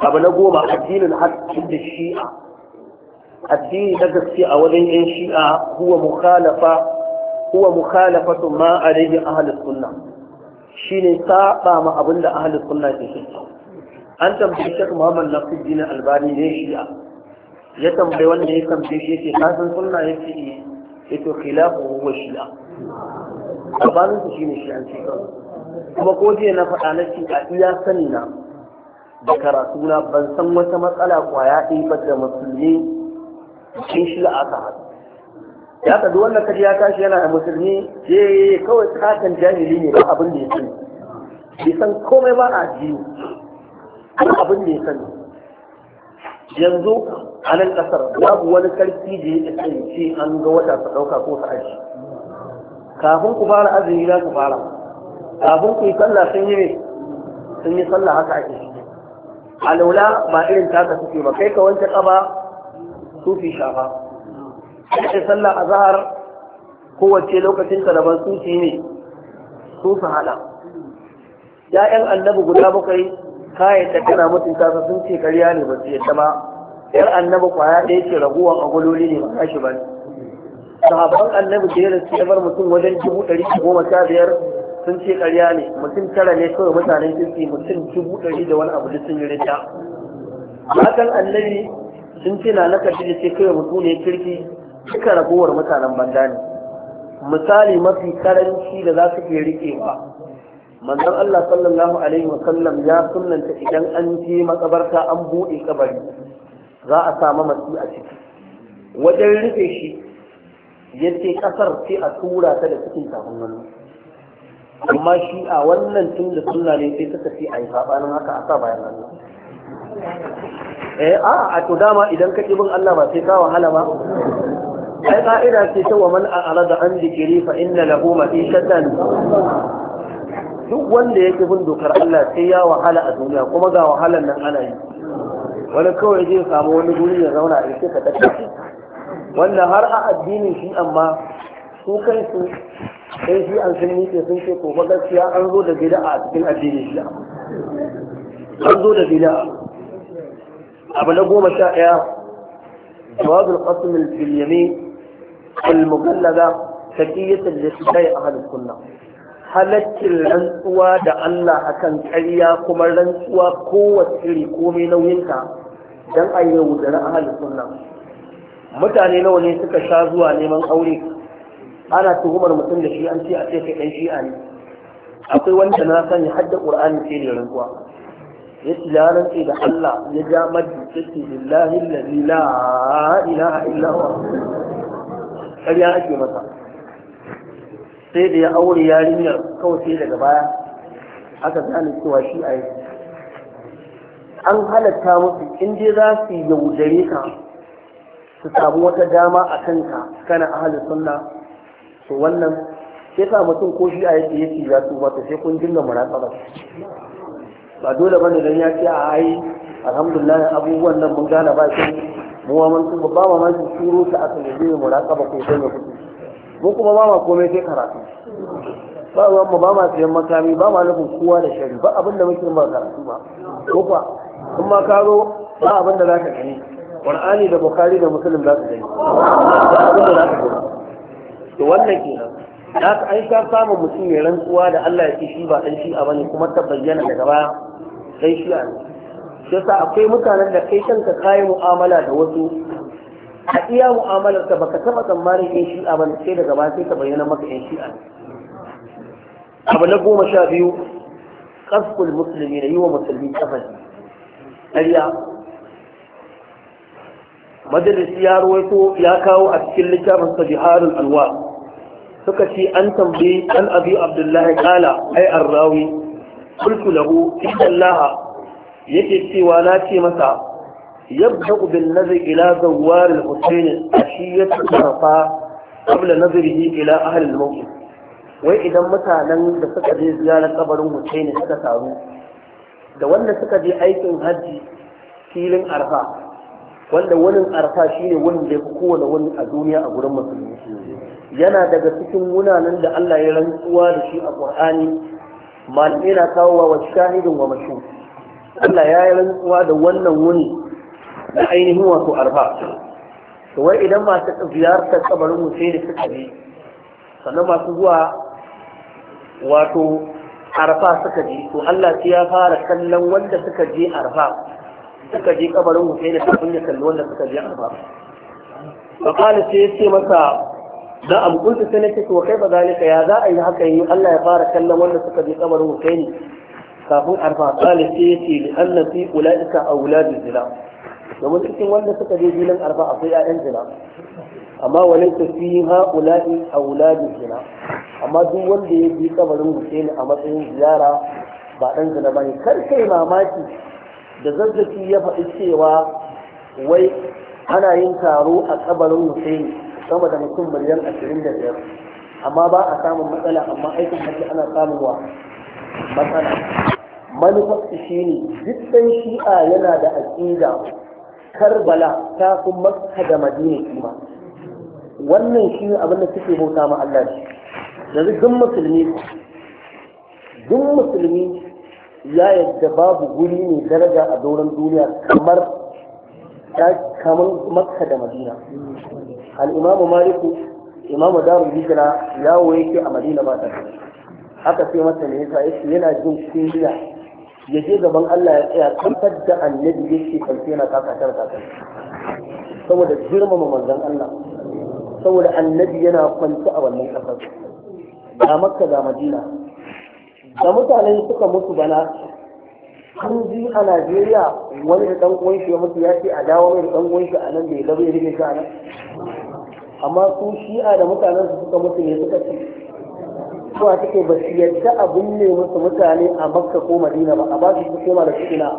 abu na goma addinin haƙƙin da shi'a addini na gaske a wajen yan shi'a huwa mukhalafa huwa mukhalafatu ma alayhi ahlus sunnah shine saba abinda ahlus sunnah ke so an tambaye Sheikh Muhammad Nasiruddin Albani ne shi'a ya tambayi wanda ya tambaye shi yake kasan sunna yake yato khilafu shi'a gabanin su shine shi an ce kuma ko jiya na faɗa na ce a iya sani na da karatu na ban san wata matsala kwaya ɗaya ba da musulmi cikin shi aka haɗu ya ka duk wannan kaji ya tashi yana da musulmi je kawai katon jahili ne ba abin da ya sani bai san komai ba a addini ba abin da ya sani yanzu a nan kasar babu wani karfi da ya ce an ga wata su ɗauka ko su aji kafin ku fara azumi za ku fara kafin ku yi sallah sun yi sun yi sallah haka ake alaula ba irin taka suke ba kai ka wanke kaba sufi shafa kai sallah azhar kowace lokacin ta daban sufi ne su su hada ya'yan annabi guda bakwai kayan da kana mutunta su sun ce karya ne ba su yadda ba yar annabi kwaya ɗaya ce raguwa a agololi ne ba kashi ba ne sahabban annabi da ya rasu ya bar mutum wajen dubu ɗari goma sha biyar sun ce ƙarya ne mutum tara ne kawai mutanen kirki mutum dubu ɗari da wani abu da sun yi rita hakan annabi sun ce na na ƙarshe ce kawai mutum ne kirki suka ragowar mutanen banda ne misali mafi karanci da za su iya riƙewa manzon Allah sallallahu alaihi sallam ya sunnanta idan an je makabarta an buɗe kabari za a samu masu a ciki wajen rufe shi yace kasar sai a tura ta da cikin tafin hannu amma shi a wannan tun da sunna ne sai suka ce a yi sabanin haka a sa bayan hannu eh a a to dama idan ka bin Allah ba sai ka wahala ba ai ka'ida ce ta wa man a'rada an zikiri fa inna lahu ma'ishatan duk wanda yake bin dokar Allah sai ya wahala a duniya kuma ga wahalan nan ana yi wani kawai zai samu wani guri ya zauna a yake ka tattace Wannan har a addinin shi amma su kansu sai shi an sun nike sun ce ko gaskiya an zo da bid'a a cikin addinin shi an zo da bid'a abu na goma sha ɗaya jawabul qasm al-yamin al-mughallada taqiyatul lisai ahlus sunna halaccin rantsuwa da Allah akan ƙarya kuma rantsuwa kowace iri komai nauyinka don a yaudari ahalin sunna mutane nawa ne suka sha zuwa neman aure ana tuhumar mutum da shi an ce a ce kai dan shi'a ne akwai wanda na sani hadda qur'ani ce da rantsuwa ya tilaran rantsi da Allah ya ja maddi take billahi allazi la ilaha illa huwa kariya ake masa sai da ya aure yarinyar kawai sai daga baya aka gane cewa shi'a a an halatta musu in dai za su yaudare ka su samu wata dama a kanka kana ahalin sunna to wannan sai ka mutum ko shi a yake yake ya tuba to sai kun dinga muraƙaba ba dole bane dan ya ce a ai alhamdulillah abubuwan nan mun gane ba shi mu wa mun tuba ba ma shi turo ta aka ne zai muraƙaba ko sai mai kuɗi mu kuma ba ma komai sai karatu ba ma mu ba ma sayan makami ba ma nufin kowa da shari ba abinda muke ba karatu ba ko kuma kuma ma karo ba abinda za ka gani qur'ani da bukhari da muslim za su gani ba abin da za su gani to wannan kenan da ka ai ka samu mutum ya rantsuwa da Allah ya ce shi ba dan shi a bane kuma ta bayyana daga baya sai shi a yasa akwai mutanen da kai kanka kayi mu'amala da wasu a iya mu'amalar ka baka taba tsammanin yan shi'a bane sai daga baya sai ta bayyana maka yan shi'a abu na goma sha biyu kafkul musulmi da yi wa musulmi kafin Ɗarya. majalisi ya ruwaito ya kawo a cikin littafin sa biharul alwa suka ce an tambayi an abi abdullahi kala ai arrawi kultu lahu inna allaha yake cewa na ce masa yabda ubin nazar ila zawar shi husayn ashiyat arfa qabla nazrihi ila ahli al wai idan mutanen da suka je ziyarar kabarin husaini suka taru da wanda suka je aikin hajji filin arha? wanda wani arfa shi ne wani da fi kowane wani a duniya a gurin musulmi yana daga cikin wunanan da Allah ya rantsuwa da shi a Qur'ani malamai na kawowa wa shahidin wa mashu Allah ya yi rantsuwa da wannan wuni na ainihin wato arfa to wai idan masu ziyartar kabarin mu sai da suka je sannan masu zuwa wato arfa suka je to Allah sai ya fara kallon wanda suka je arfa suka je kabarin Husaini sun ya kalli wanda suka je arfa fa qala sai yace masa da am kuntu sanata to kai ba zalika ya za a yi haka yi Allah ya fara kallon wanda suka je kabarin Husaini kafin arfa qala sai yace li anna fi ulaika awladu zina domin cikin wanda suka je filin arfa akwai ƴaƴan zina amma walin ta fi a auladu zina amma duk wanda ya bi kabarin Husaini a matsayin ziyara ba dan zina ba ne, kar kai mamaki da zazzaki ya faɗi cewa wai ana yin taro a kabarin hussein sama da mutum miliyan ashirin da biyar amma ba a samun matsala amma aikin hajji ana samun wa matsala manufarsu shi ne duk shi'a yana da aƙida karbala ta fi makka da madina kima wannan shi ne abin da suke bauta ma Allah shi da duk musulmi duk musulmi ya yadda babu guri mai daraja a doron duniya kamar kamar makka da madina al'imamu maliku imamu darul hijira yawo yake a madina ba ta haka sai masa ne yasa yake yana jin kuriya ya je gaban Allah ya tsaya kantar da annabi yake kalfe na kakatar kakar saboda girmama manzon Allah saboda annabi yana kwanta a wannan kasar ga makka ga madina da mutane suka mutu bana an ji a najeriya wani da dan uwan shi ya mutu ya ce a dawo mai da dan uwan shi a nan bai gaba ya rike shi a nan amma su shi'a da mutanen su suka mutu ne suka ce suwa suke ba su yadda abin ne musu mutane a makka ko madina ba a ba su su koma da su ina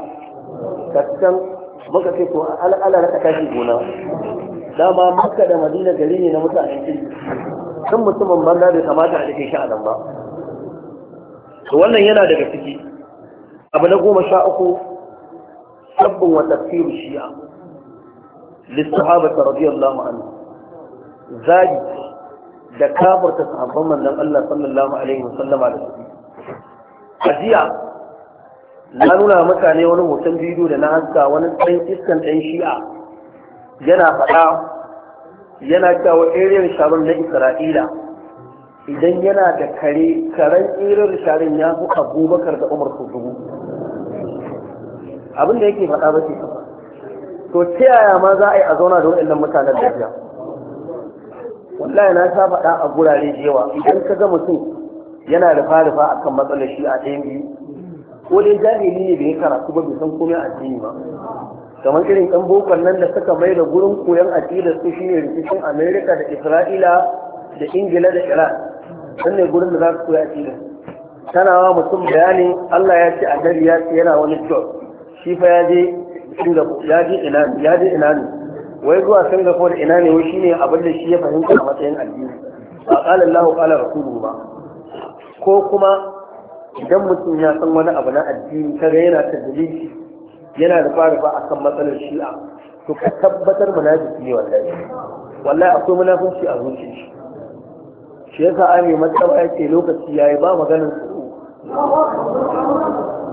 kasan muka ce to al'adar ka tashi gona dama makka da madina gari ne na mutane, sun mutumin banza bai kamata a cikin sha'adan ba to wannan yana daga ciki abu na goma sha uku sabbin wa tafsirin shi'a lissahabata radiyallahu anhu zagi da kafarta sahabban manzon Allah sallallahu alaihi wasallama da su jiya, na nuna mutane wani hoton bidiyo da na haska wani ɗan iskan ɗan shi'a yana faɗa yana cewa ariyar sharon na isra'ila idan yana da kare karen irin sharin ya fi abubakar da umar su dubu abin da yake faɗa ba ce to ta yaya ma za a yi a zauna da waɗannan mutanen lafiya wallahi na sha faɗa a gurare da yawa idan ka ga mutum yana da farifa a kan matsalar shi a ɗayan biyu ko dai jahili ne da ya karatu ba bai san komai a addini ba kamar irin ɗan bokon nan da suka mai da gurin koyon addinin su shine rikicin amerika da isra'ila da ingila da iran dan ne gurin da za su koya filin. tana wa mutum bayani Allah ya ce annabi ya ce yana wani job shi fa ya je Singapore ya je ina ya je ina ne wai zuwa Singapore ina ne wai shine abin da shi ya fahimta a matsayin addini ba qala Allah qala rasuluhu ba ko kuma idan mutum ya san wani abu na addini kaga yana tadlisi yana da fara ba akan matsalar shi'a to ka tabbatar munafiki ne wallahi wallahi akwai munafunci a zuciyarsa shi yasa ami matsaba ya ce lokaci ya yi ba maganin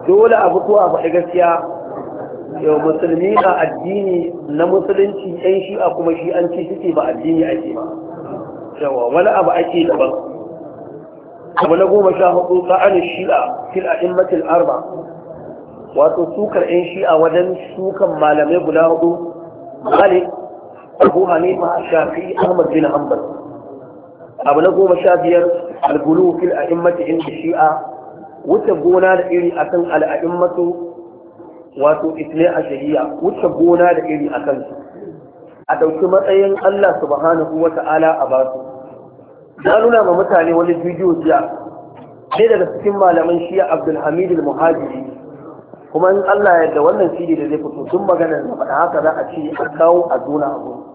su dole abu ko a faɗi gaskiya yau musulmi na addini na musulunci yan shi'a kuma shi'anci suke ba addini a ake ba yawa wani abu ake daban abu na goma sha hudu ta'anin shi'a fil a'immatil arba wato sukar yan shi'a wajen sukan malamai guda hudu malik abu hanifa shafi ahmad bin hanbal abu na goma sha biyar algulu fil a'immati inda shi'a wuce gona da iri akan al'a'immatu wato isne a shari'a wuce gona da iri akan su, a ɗauki matsayin Allah subhanahu wa ta'ala a basu na nuna ma mutane wani bidiyo jiya ne daga cikin malaman shi'a abdulhamid al-muhajiri kuma in Allah yadda wannan shiri da zai fito tun maganar da faɗa haka za a ce a kawo a zona abu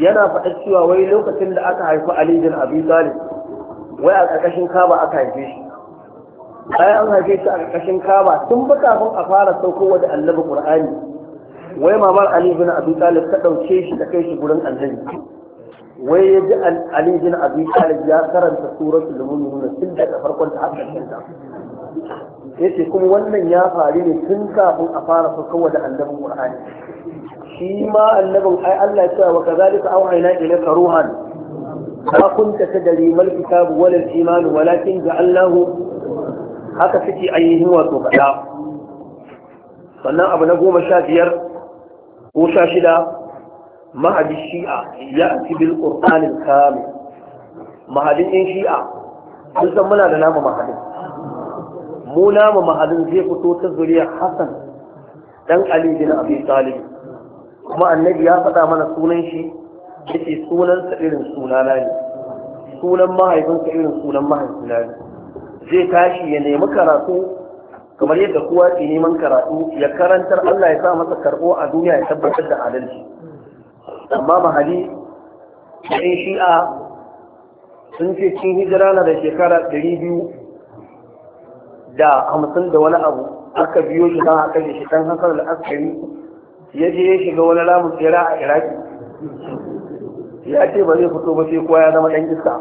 yana faɗa cewa wai lokacin da aka haifi Ali bin Abi Talib wai a ƙarƙashin Kaba aka haife shi bayan an haife shi a ƙarƙashin Kaba tun ba kafin a fara saukowa da Annabi Qur'ani wai mamar Ali bin Abi Talib ta ɗauke shi ta kai shi gurin Annabi wai ya ji Ali bin Abi Talib ya karanta suratul mu'minun tun daga farkon ta har ta yace kuma wannan ya faru ne tun kafin a fara saukowa da Annabi Qur'ani shi ma annabin ai Allah ya cewa kazalika auhayna ilayka ruhan ma kunta tadri mal kitabu wal iman walakin ja'alnahu haka suke ainihin wato kaɗa. sannan abu na goma sha biyar ko sha shida mahadi shi'a ya ci bil qur'anil kamil mahadin ɗin shi'a sun san muna da nama mahadin mu nama mahadin zai fito ta zuriya hasan dan ali bin abi talib kuma annabi ya faɗa mana sunan shi ce sunansa irin sunana ne sunan mahaifinsa irin sunan mahaifina ne zai tashi ya nemi karatu kamar yadda kowa ke neman karatu ya karantar Allah ya sa masa karɓo a duniya ya tabbatar da adalci amma mahali ɗan shi'a sun ce cin hijira na da shekara ɗari biyu da hamsin da wani abu aka biyo shi a aka shi ɗan hasar askari. ya je ya shiga wani ramin tsira a iraki ya ce ba zai fito ba sai kowa ya zama ɗan iska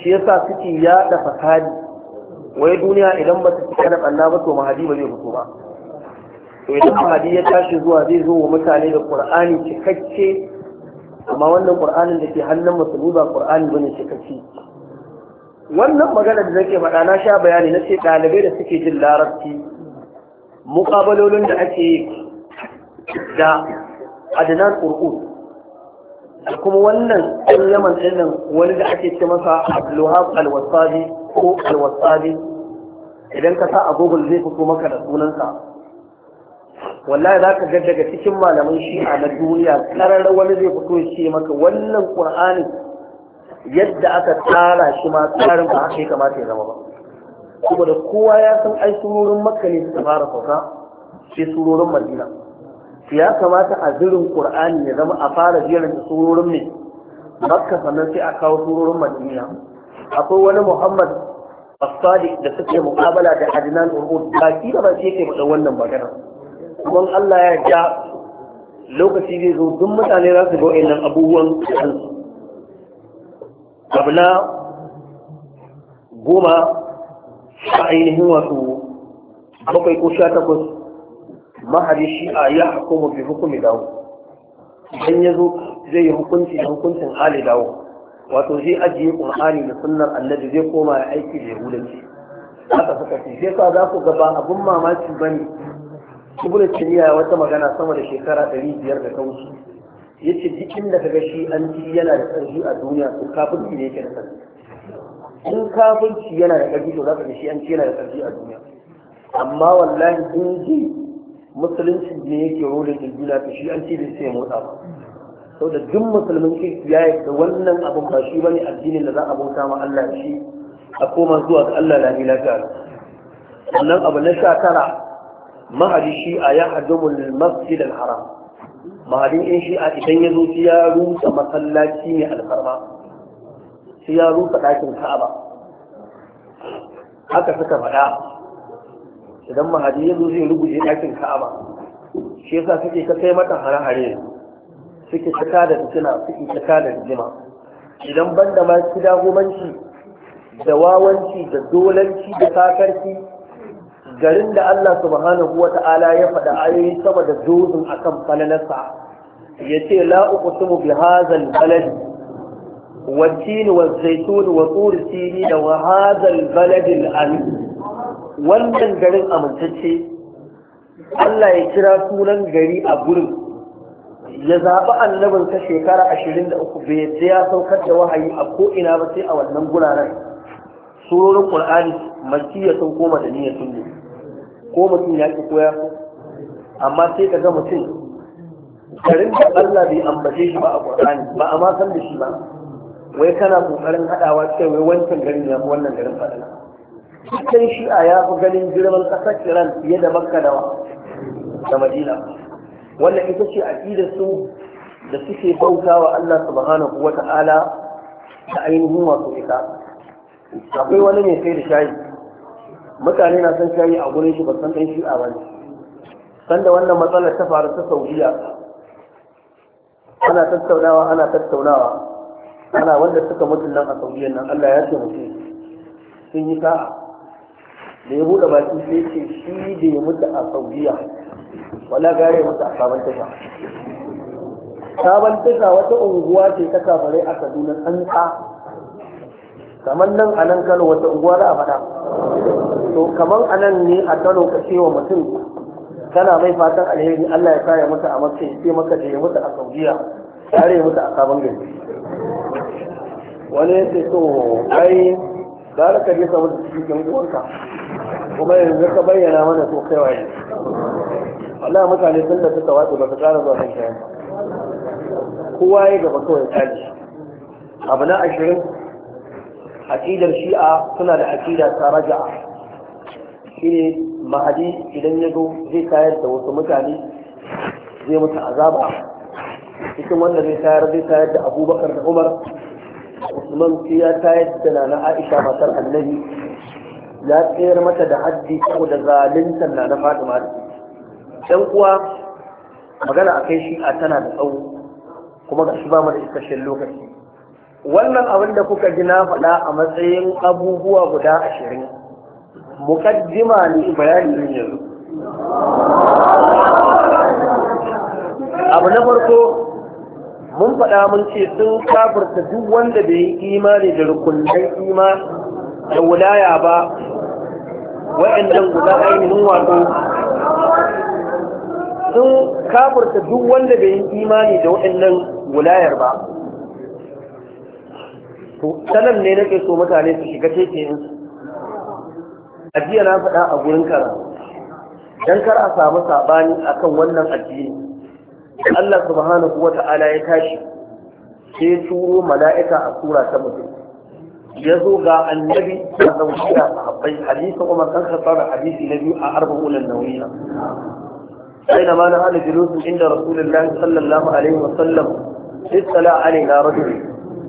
shi ya yasa suke da fasadi wai duniya idan ba su cika da ɓanna ba to mahadi ba zai fito ba to idan mahadi ya tashi zuwa zai zo wa mutane da ƙur'ani cikakke amma wannan ƙur'anin da ke hannun musulmi ba ƙur'ani ne cikakke wannan magana da nake faɗa na sha bayani na ce ɗalibai da suke jin larabci muƙabalolin da ake yi da adnan da kuma wannan ɗan yaman ɗin wani da ake ce masa abdulhab alwasabi ko alwasabi idan ka sa a google zai fito maka da sunansa wallahi za ka ga daga cikin malaman shi'a na duniya karar wani zai fito ya ce maka wannan qur'anin yadda aka tsara shi ma tsarin ba haka ya kamata ya zama ba saboda kowa ya san ai sururin makka ne suka fara sauka sai surorin madina ya kamata a zirin qur'ani ya zama a fara da surorin ne makka sannan sai a kawo surorin madina akwai wani muhammad as da suke muqabala da adinan urud ba shi da ba shi yake faɗa wannan magana kuma Allah ya ja lokaci zai zo duk mutane za su ga wa'annan abubuwan kansu abu na goma a ainihin wato bakwai ko sha takwas mahari shi'a ya hukumu bi hukumi dawo idan ya zo zai yi hukunci da hukuncin ali dawo wato zai ajiye qur'ani da sunnar annabi zai koma ya aiki da yahudanci haka suka ce sai sa za ku ga ba abun mamaki bane ibnu ya wata magana sama da shekara 500 da ta wuce yace duk inda kaga shi an ji yana da ƙarfi a duniya to kafirci ne yake da ƙarfi in kafirci yana da ƙarfi to za ka ga shi an ci yana da ƙarfi a duniya amma wallahi in ji musulunci ne yake rolin juna to shi an ce bai sai motsa ba sau da duk musulmin ke ya yi da wannan abin ba shi bane addinin da za a bauta ma Allah shi a koma zuwa ga Allah la ilaha Sannan abu na sha tara mahadi shi a ya hadumul masjid al haram mahadin in shi a idan ya zo ya rusa masallaci ne alfarma sai ya rusa ɗakin ka'aba haka suka faɗa idan mahadi ya zo zai ruguje ɗakin ka'aba shi yasa suke ta kai mata hare-hare suke ta da fitina suke ta da rigima idan banda ma dagomanci, da wawanci da dolanci da sakarci garin da Allah subhanahu wa ta'ala ya faɗa ayoyi sama da dozin akan falalarsa ya ce la'uku la'uqsimu bi hazal balad والتين والزيتون وطور سينين وهذا البلد amin. wannan garin amintacce Allah ya kira sunan gari a gurin ya zaɓi annabinsa shekara ashirin da uku bai yadda ya saukar da wahayi a ko'ina ba sai a wannan guraren surorin ƙul'ani ya sun koma da niyyar ne, ko mutum ya ki koya amma sai ka ga mutum garin da Allah bai ambace shi ba a ƙul'ani ba a ma san da shi ba wai kana ƙoƙarin haɗawa cewa wancan garin ya fi wannan garin faɗa shi a ya fi ganin girman ƙasar iran fiye da makka da madina wannan ita ce aƙidar su da suke bauta wa allah subhanahu wa ta'ala da ainihin wasu ita akwai wani mai sai da shayi mutane na san shayi a gurin shi ba san ɗan shi'a ba ne sanda wannan matsalar ta faru ta saudiya ana tattaunawa ana tattaunawa ana wanda suka mutu nan a saudiyan nan allah ya ce mutu sun yi sa'a da ya buɗe baki sai ce shi da ya mutu a saudiya wala gare ya mutu a sabon tasha sabon tasha wata unguwa ce ta kafare a kaduna tsantsa kamar nan a nan kano wata unguwa za a faɗa to kamar a nan ne a kano ka ce wa mutum kana mai fatan alheri allah ya sa ya mutu a mace sai maka da ya mutu a saudiya gare ya mutu a sabon gari wani ya ce to ai gara ka je samu da cikin uwarka. kuma yanzu ka bayyana mana ko kai waye Allah mutane sun da suka watsa ba su ƙara zuwa kan kayan kowa ya gaba kawai kaji abu na ashirin aƙidar shi'a suna da aƙida ta raja'a shi ne mahadi idan ya zo zai tayar da wasu mutane zai mutu azaba cikin wanda zai tayar zai tayar da abubakar da umar usman ya tayar da na aisha matar annabi ya tsayar mata da haddi saboda zalunta na na fatima da dan kuwa magana akai shi a tana da tsawo kuma ga shi ba mu da isasshen lokaci wannan abin da kuka ji na faɗa a matsayin abubuwa guda ashirin mukaddima ne bayani ne yanzu abu na farko mun faɗa mun ce sun kafirta duk wanda bai yi imani da rukunan ima da wulaya ba wa'annan guda ainihin wato sun kafirta duk wanda bai yi imani da wa'annan wulayar ba to sanan ne nake so mutane su shiga tekeyin a jiya na faɗa a gurin kara don kar a samu saɓani akan wannan addini Allah subhanahu wa ta'ala ya tashi sai turo mala'ika a tura ta mutum ya zo ga annabi a zauciya a habbai hadisi kuma kan kasar da hadisi na biyu a arba'unan nauyina sai da mana hana jilusun inda rasulullahi sallallahu alaihi wa wasallam istala alaina rajuli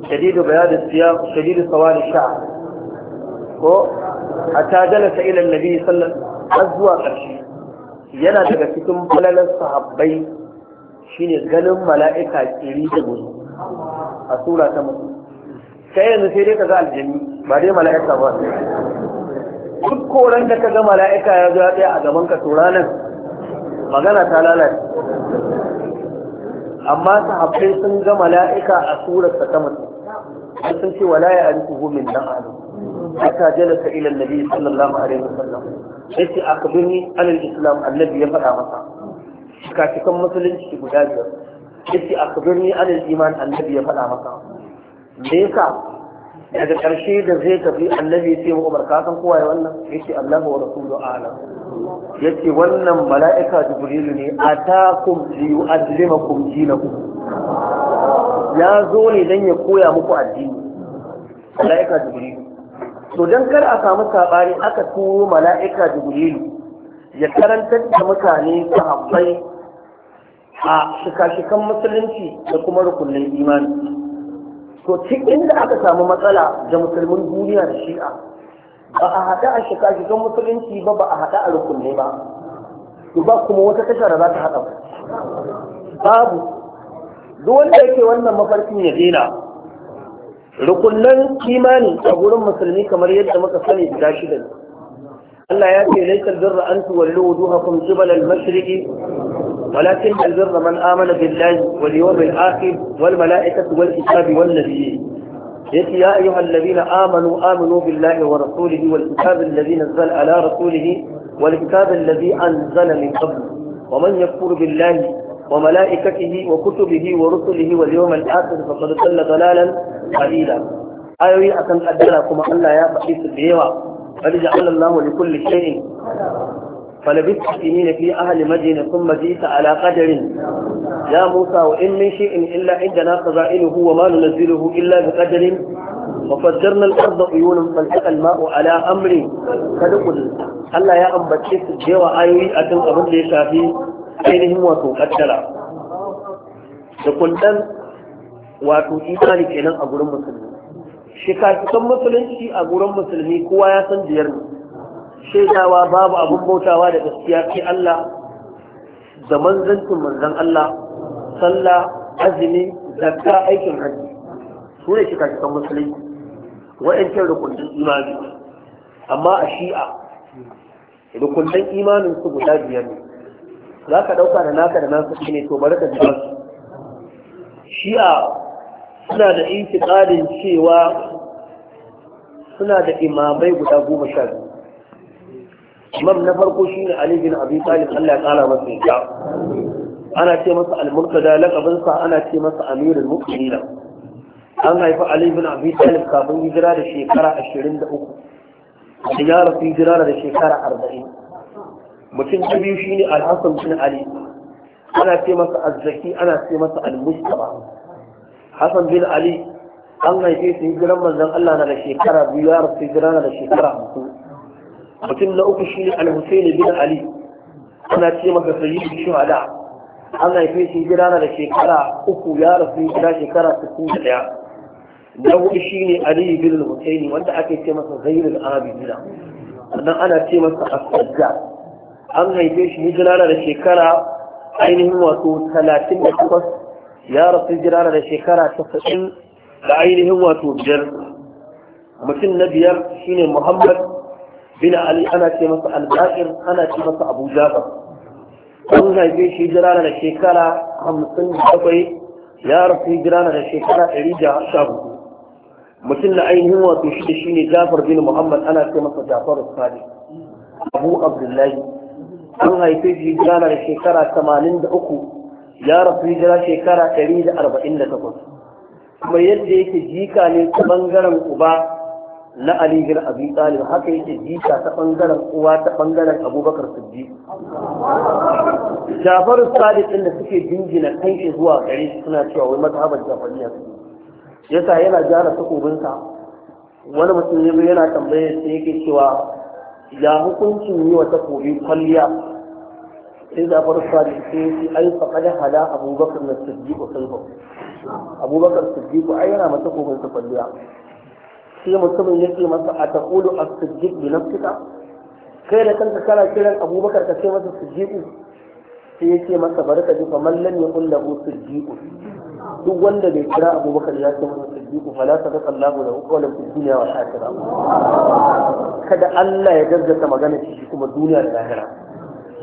shadidu bayanin siya shadidu sawari sha'a ko a ta jalasa ilan nabi sallallahu alaihi zuwa ƙarshe yana daga cikin falalar sahabbai Shi ne ganin mala'ika iri da gudu a sura ta mutu sai yanzu sai dai ka ga aljini ba dai mala'ika ba duk koren da ka ga mala'ika ya zo ya tsaya a gaban ka tura nan magana ta lalace amma ta sahabbai sun ga mala'ika a surar ta mutu an sun ce wala ya arifuhu min dan adam hatta ta ila nabi sallallahu alaihi wasallam yace akbirni an alal islam annabi ya faɗa masa shikacikan musulunci guda biyar a akbirni anil iman annabi ya faɗa maka me yasa daga ƙarshe da zai tafi annabi ya ce wa umar ka san kowa ya wannan yace Allahu wa rasulu Ya ce wannan mala'ika jibrilu ne atakum li yu'allimakum dinakum ya zo ne dan ya koya muku addini mala'ika jibrilu to dan kar a samu sabani aka turo mala'ika jibrilu ya karantar da mutane sahabbai a shika-shikan musulunci da kuma rukunin imani to cikin da aka samu matsala da musulmin duniya da shi'a ba a haɗa a shika-shikan musulunci ba ba a haɗa a rukunin ba to ba kuma wata tasha da za ta haɗa babu duk wanda yake wannan mafarkin ya dena rukunnan imani a gurin musulmi kamar yadda muka sani guda shida Allah ya ce laysal birra an tuwallu wujuhakum qibala al-mashriqi ولكن البر من آمن بالله واليوم الآخر والملائكة والكتاب والنبيين يا أيها الذين آمنوا آمنوا بالله ورسوله والكتاب الذي نزل على رسوله والكتاب الذي أنزل من قبل ومن يكفر بالله وملائكته وكتبه ورسله واليوم الآخر فقد ضل ضلالا قليلا أيوي أكن أدلكم أن لا يبقى في الديوة قد جعل الله لكل شيء فلبثت سنين في أهل مدينة ثم جئت على قدر يا موسى وإن من شيء إلا عندنا خزائنه وما ننزله إلا بقدر وفجرنا الأرض عيونا فالتقى الماء على أمر فدقل ألا يا أم بتشيس الجوى آيوي أتم أبن لي شافي أينهم واتو قدر دقل دن واتو إيماني كينا أقول مسلمين shikakikan musulunci a gurin musulmi kowa ya san biyar ne shaidawa babu abin bautawa da gaskiya ke Allah da manzancin manzan Allah sallah azumi zakka aikin hajji su ne shi kashikan musulunci wa'ancan rukunin imani amma a shi'a rukunin imanin su guda biyar ne za ka ɗauka da naka da nasu ne to bari ka ji shi'a suna da intiƙadin cewa suna da imamai guda goma sha biyu imam na farko shine ali bin abi talib Allah ya kara masa ya ana ce masa al-murtada laqabin sa ana ce masa amirul mu'minin an haifi ali bin abi talib kafin hijira da shekara 23 da ya rasu hijira da shekara 40 mutum ta biyu shine al-hasan bin ali ana ce masa az-zaki ana ce masa al-mustafa hasan bin ali an haife shi hijiran manzon Allah na da shekara biyu ya rasu hijira da shekara 50 mutum na uku shine al-husaini bin ali ana ce masa sayyidu shuhada an haife shi gida na da shekara uku ya rasu gida shekara sittin da ɗaya na hudu shine ali bin al-husaini wanda ake ce masa zainul abidina sannan ana ce masa as an haife shi hijira na da shekara ainihin wato talatin da takwas ya rasu hijira na da shekara tasa'in da ainihin wato biyar mutum na biyar shine muhammad bin ali ana ce masa al-baqir ana ce masa abu jabir an haife shi jira da shekara hamsin da bakwai ya rasu jira da shekara ɗari da sha hudu mutum na ainihin wato shi da shi ne jafar bin muhammad ana ce masa jafar sadi abu abdullahi an haife shi jira da shekara tamanin da uku ya rasu jira shekara ɗari da arba'in da takwas kuma yadda yake jika ne ta ɓangaren uba na Ali bin Abi Talib haka yake jika ta bangaren uwa ta bangaren Abubakar Siddiq Jafar Sadiq inda suke jingina kai zuwa gare suna cewa wai mazhaban Jafariya su yasa yana jara takobinsa wani mutum ne yana tambaye sai yake cewa ya hukuncin yi wa takobi kwalliya sai Jafar Sadiq sai yake ai faqad hada Abubakar Siddiq sulhu Abubakar Siddiq ai yana mata takobinsa kwalliya sai mutumin yake masa a taqulu as-siddiq bi nafsika kai da kanka kana kiran abubakar ka ce masa siddiqu sai ya ce masa bari ka ji Mallan ya lam yakul lahu siddiqu duk wanda bai kira abubakar ya ce masa siddiqu fala sadaqa Allahu lahu qawlan fid dunya wal akhirah kada Allah ya gaggata magana shi kuma duniya da lahira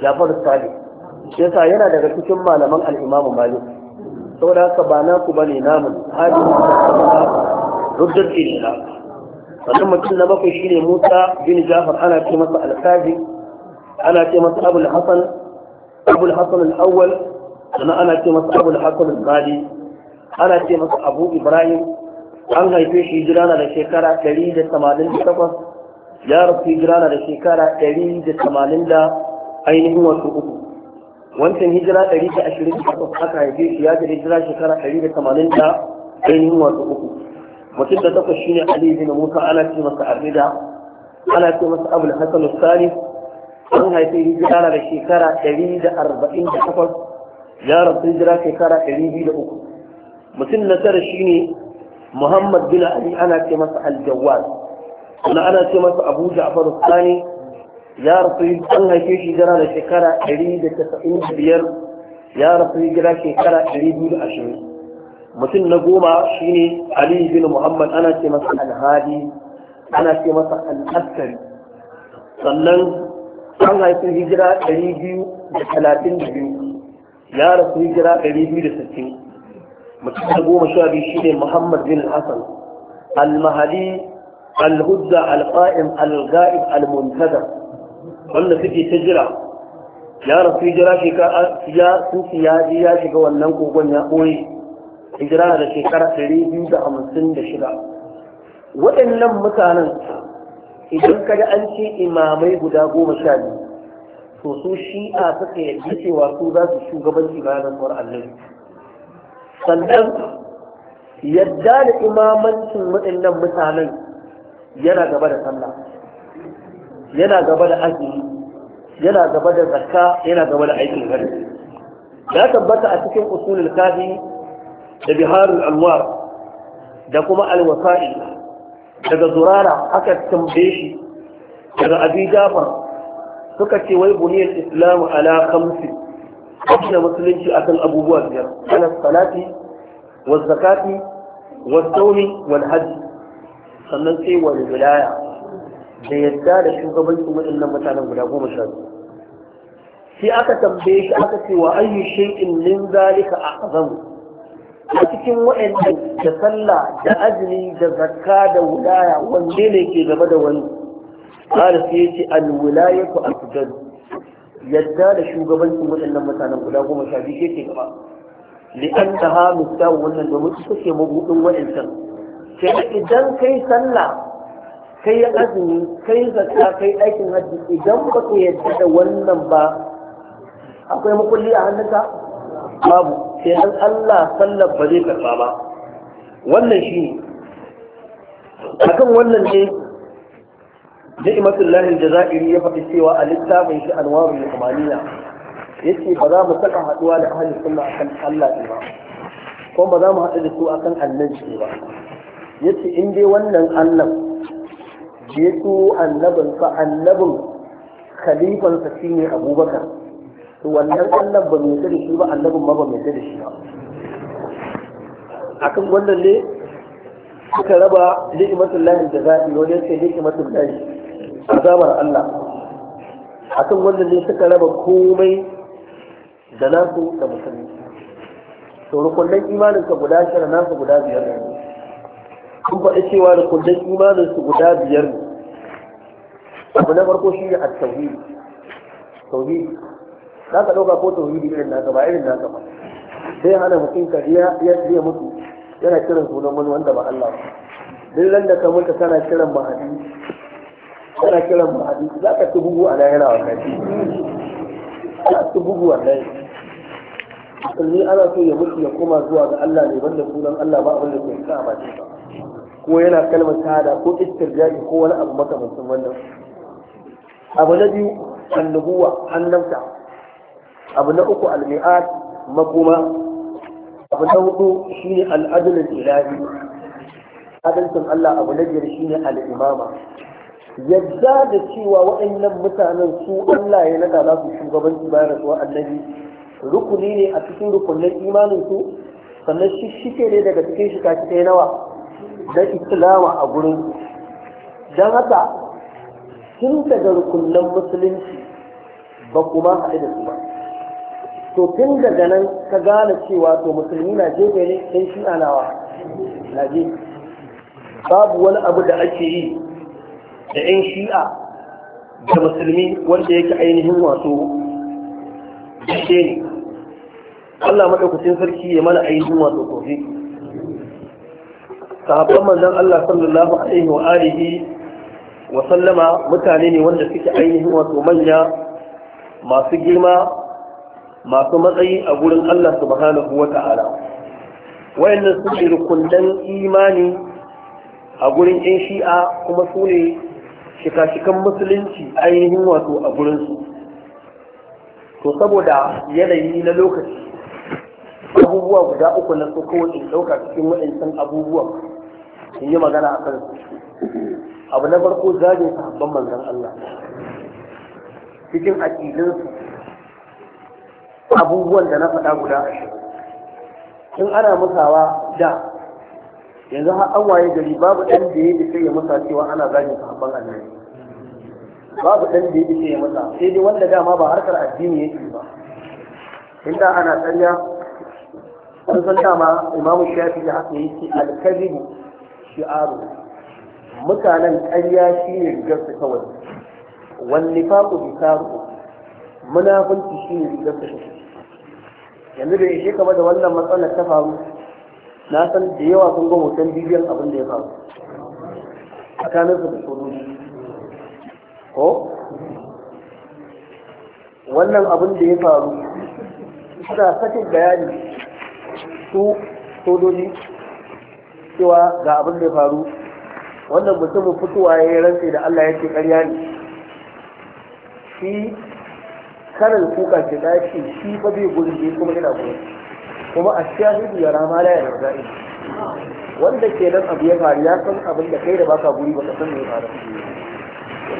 Jafar Sadiq yasa yana daga cikin malaman al-Imam Malik saboda haka ba naku ne namu hadin da ruddin illa sannan mutum na bakwai shine musa bin jafar ana ce masa al alkazi ana ce masa abul hasan abul hasan al-awwal sannan ana ce masa abul hasan al-qadi ana ce masa abu ibrahim an haife shi hijira na da shekara 188 ya rasu hijira na da shekara 180 da ainihin wasu uku wancan hijira 128 aka haife shi ya ji hijira shekara 180 da ainihin wasu uku mutum da takwas shine Ali bin Musa ana ce masa Arida ana ce masa Abul Hasan Salih an haife hijira da shekara 148 ya rasu hijira shekara 203 mutum na tara shine Muhammad bin Ali ana ce masa Al-Jawwal kuma ana ce masa Abu Ja'far Sani ya rasu an haife shi hijira da shekara 195 ya rasu hijira shekara 220 mutum na goma shine Ali bin Muhammad ana ce masa Al-Hadi ana ce masa Al-Askari sannan an haifi hijira 232 ya rasu hijira 260 mutum na goma sha biyu shine Muhammad bin Hassan Al-Mahali Al-Hudda Al-Qa'im Al-Ga'ib Al-Muntada wanda suke ta jira ya rasu hijira shekara ya ya shiga wannan kogon ya ɓoye hijira da shekara ɗari biyu da hamsin da shida waɗannan mutanen idan kada an ce imamai guda goma sha biyu to su shi'a suka yi cewa su za su shugabanci imanin rasuwar annabi sannan yadda da imamancin waɗannan mutanen yana gaba da sallah yana gaba da azumi yana gaba da zakka yana gaba da aikin gari ya tabbata a cikin usulul kafi da biharin alwar da kuma alwasa'i daga zurara aka tambaye shi daga abi jafar suka ce wai buniyar islamu ala kamsi da musulunci akan abubuwa biyar ana salati wa zakati wa sauni wa hajji sannan sai wa wilaya da yadda da shugabancin waɗannan mutanen guda goma sha biyu sai aka tambaye shi aka ce wa ayyu shay'in min zalika a'zamu a cikin waɗannan da sallah da azumi da zakka da wulaya wanda ne ke gaba da wani ƙara sai ce alwilaya ku afdal yadda da shugabancin waɗannan mutanen guda goma sha biyu ke gaba ha mistawu wannan domin su suke mabuɗin waɗancan sai idan kai sallah kai azumi kai zakka kai aikin hajji idan ba ku yadda da wannan ba akwai makulli a hannunka babu sai an Allah sallar ba zai karɓa ba wannan shi ne akan wannan ne ni'matul lahi jazairi ya faɗi cewa a littafin shi anwarul ya ce ba za mu saka haɗuwa da ahli sunna akan Allah ne ba ko ba za mu haɗu da su annan annabi ba ya ce in dai wannan annan, je su annabinsa annabin khalifansa ne Abubakar to wannan Allah ba mai da shi ba annabin ma ba mai da shi ba akan wannan ne suka raba ni'imatul lahi da zaɓi wani yake ni'imatul lahi azabar Allah akan wannan ne suka raba komai da nasu da musulmi to rukunan imanin ka guda shara nasu guda biyar ne kun faɗi cewa rukunan imanin su guda biyar ne abu na farko shi ne at-tauhid tauhid za ka ɗauka ko tauhidi irin naka ba irin naka ba sai hana mutum ka ya ya mutu yana kiran sunan wani wanda ba Allah ba duk da ka mutu kana kiran mahadi kana kiran mahadi za ka ci bugu a lahira wallahi za ka ci bugu wallahi musulmi ana so ya mutu ya koma zuwa ga Allah ne banda sunan Allah ba abin da ke sa ba ko yana kalmar shahada ko istirja'i ko wani abu makamancin wannan abu na biyu annabuwa annabta abu na uku al makoma abu na hudu shine al ilahi adalcin Allah abu na biyar shine al'imama. yadda da cewa waɗannan mutanen su Allah ya nada za su shugabanci bayan rasuwar annabi rukuni ne a cikin rukunin imanin su sannan shishike ne daga cikin shika ta nawa na islama a gurin don haka tun daga rukunan musulunci ba kuma haɗe da su ba to tun daga nan ka gane cewa to musulmi na jefe ne sai shi anawa na je. babu wani abu da ake yi da 'yan shi'a da musulmi wanda yake ainihin wato ke ne Allah maɗaukacin sarki ya mana ainihin wato kofi sahabban manzon Allah sallallahu alaihi wa alihi wa sallama mutane ne wanda suke ainihin wato manya masu girma masu matsayi a gurin Allah subhanahu wa ta'ala wayannan su ne rukunan imani a gurin yan shi'a kuma su ne shika-shikan musulunci ainihin wato a gurinsu to saboda yanayi na lokaci abubuwa guda uku na su kawai in ɗauka cikin waɗancan abubuwan in yi magana a kan abu na farko zagin sahabban manzan Allah cikin aƙidinsu abubuwan da na faɗa guda ashirin in ana musawa da yanzu har an waye gari babu ɗan da ya dace ya musa cewa ana zagin sahabban annabi babu ɗan da ya dace ya musa sai dai wanda dama ba harkar addini yake ba inda ana tsanya sun san dama imamu shafi da haka yake alkazibu shi'aru mutanen ƙarya shi ne rigar su kawai wani faku bi munafunci shi ne rigar su yanzu da ishe kama da wannan matsalar ta faru na san da yawa sun ga hoton bidiyon abin da ya faru A kanar su da sojoji ko wannan abin da ya faru suna sakin bayani su sojoji cewa ga abin da ya faru wannan mutumin fitowa ya yi rantsi da Allah ya ce ƙarya ne shi karin kuka ke dace shi fa bai gurin ne kuma yana gurin kuma a shahidu ya rama la ya yarda wanda ke nan abu ya faru ya san abin da kai da baka guri baka san me ya faru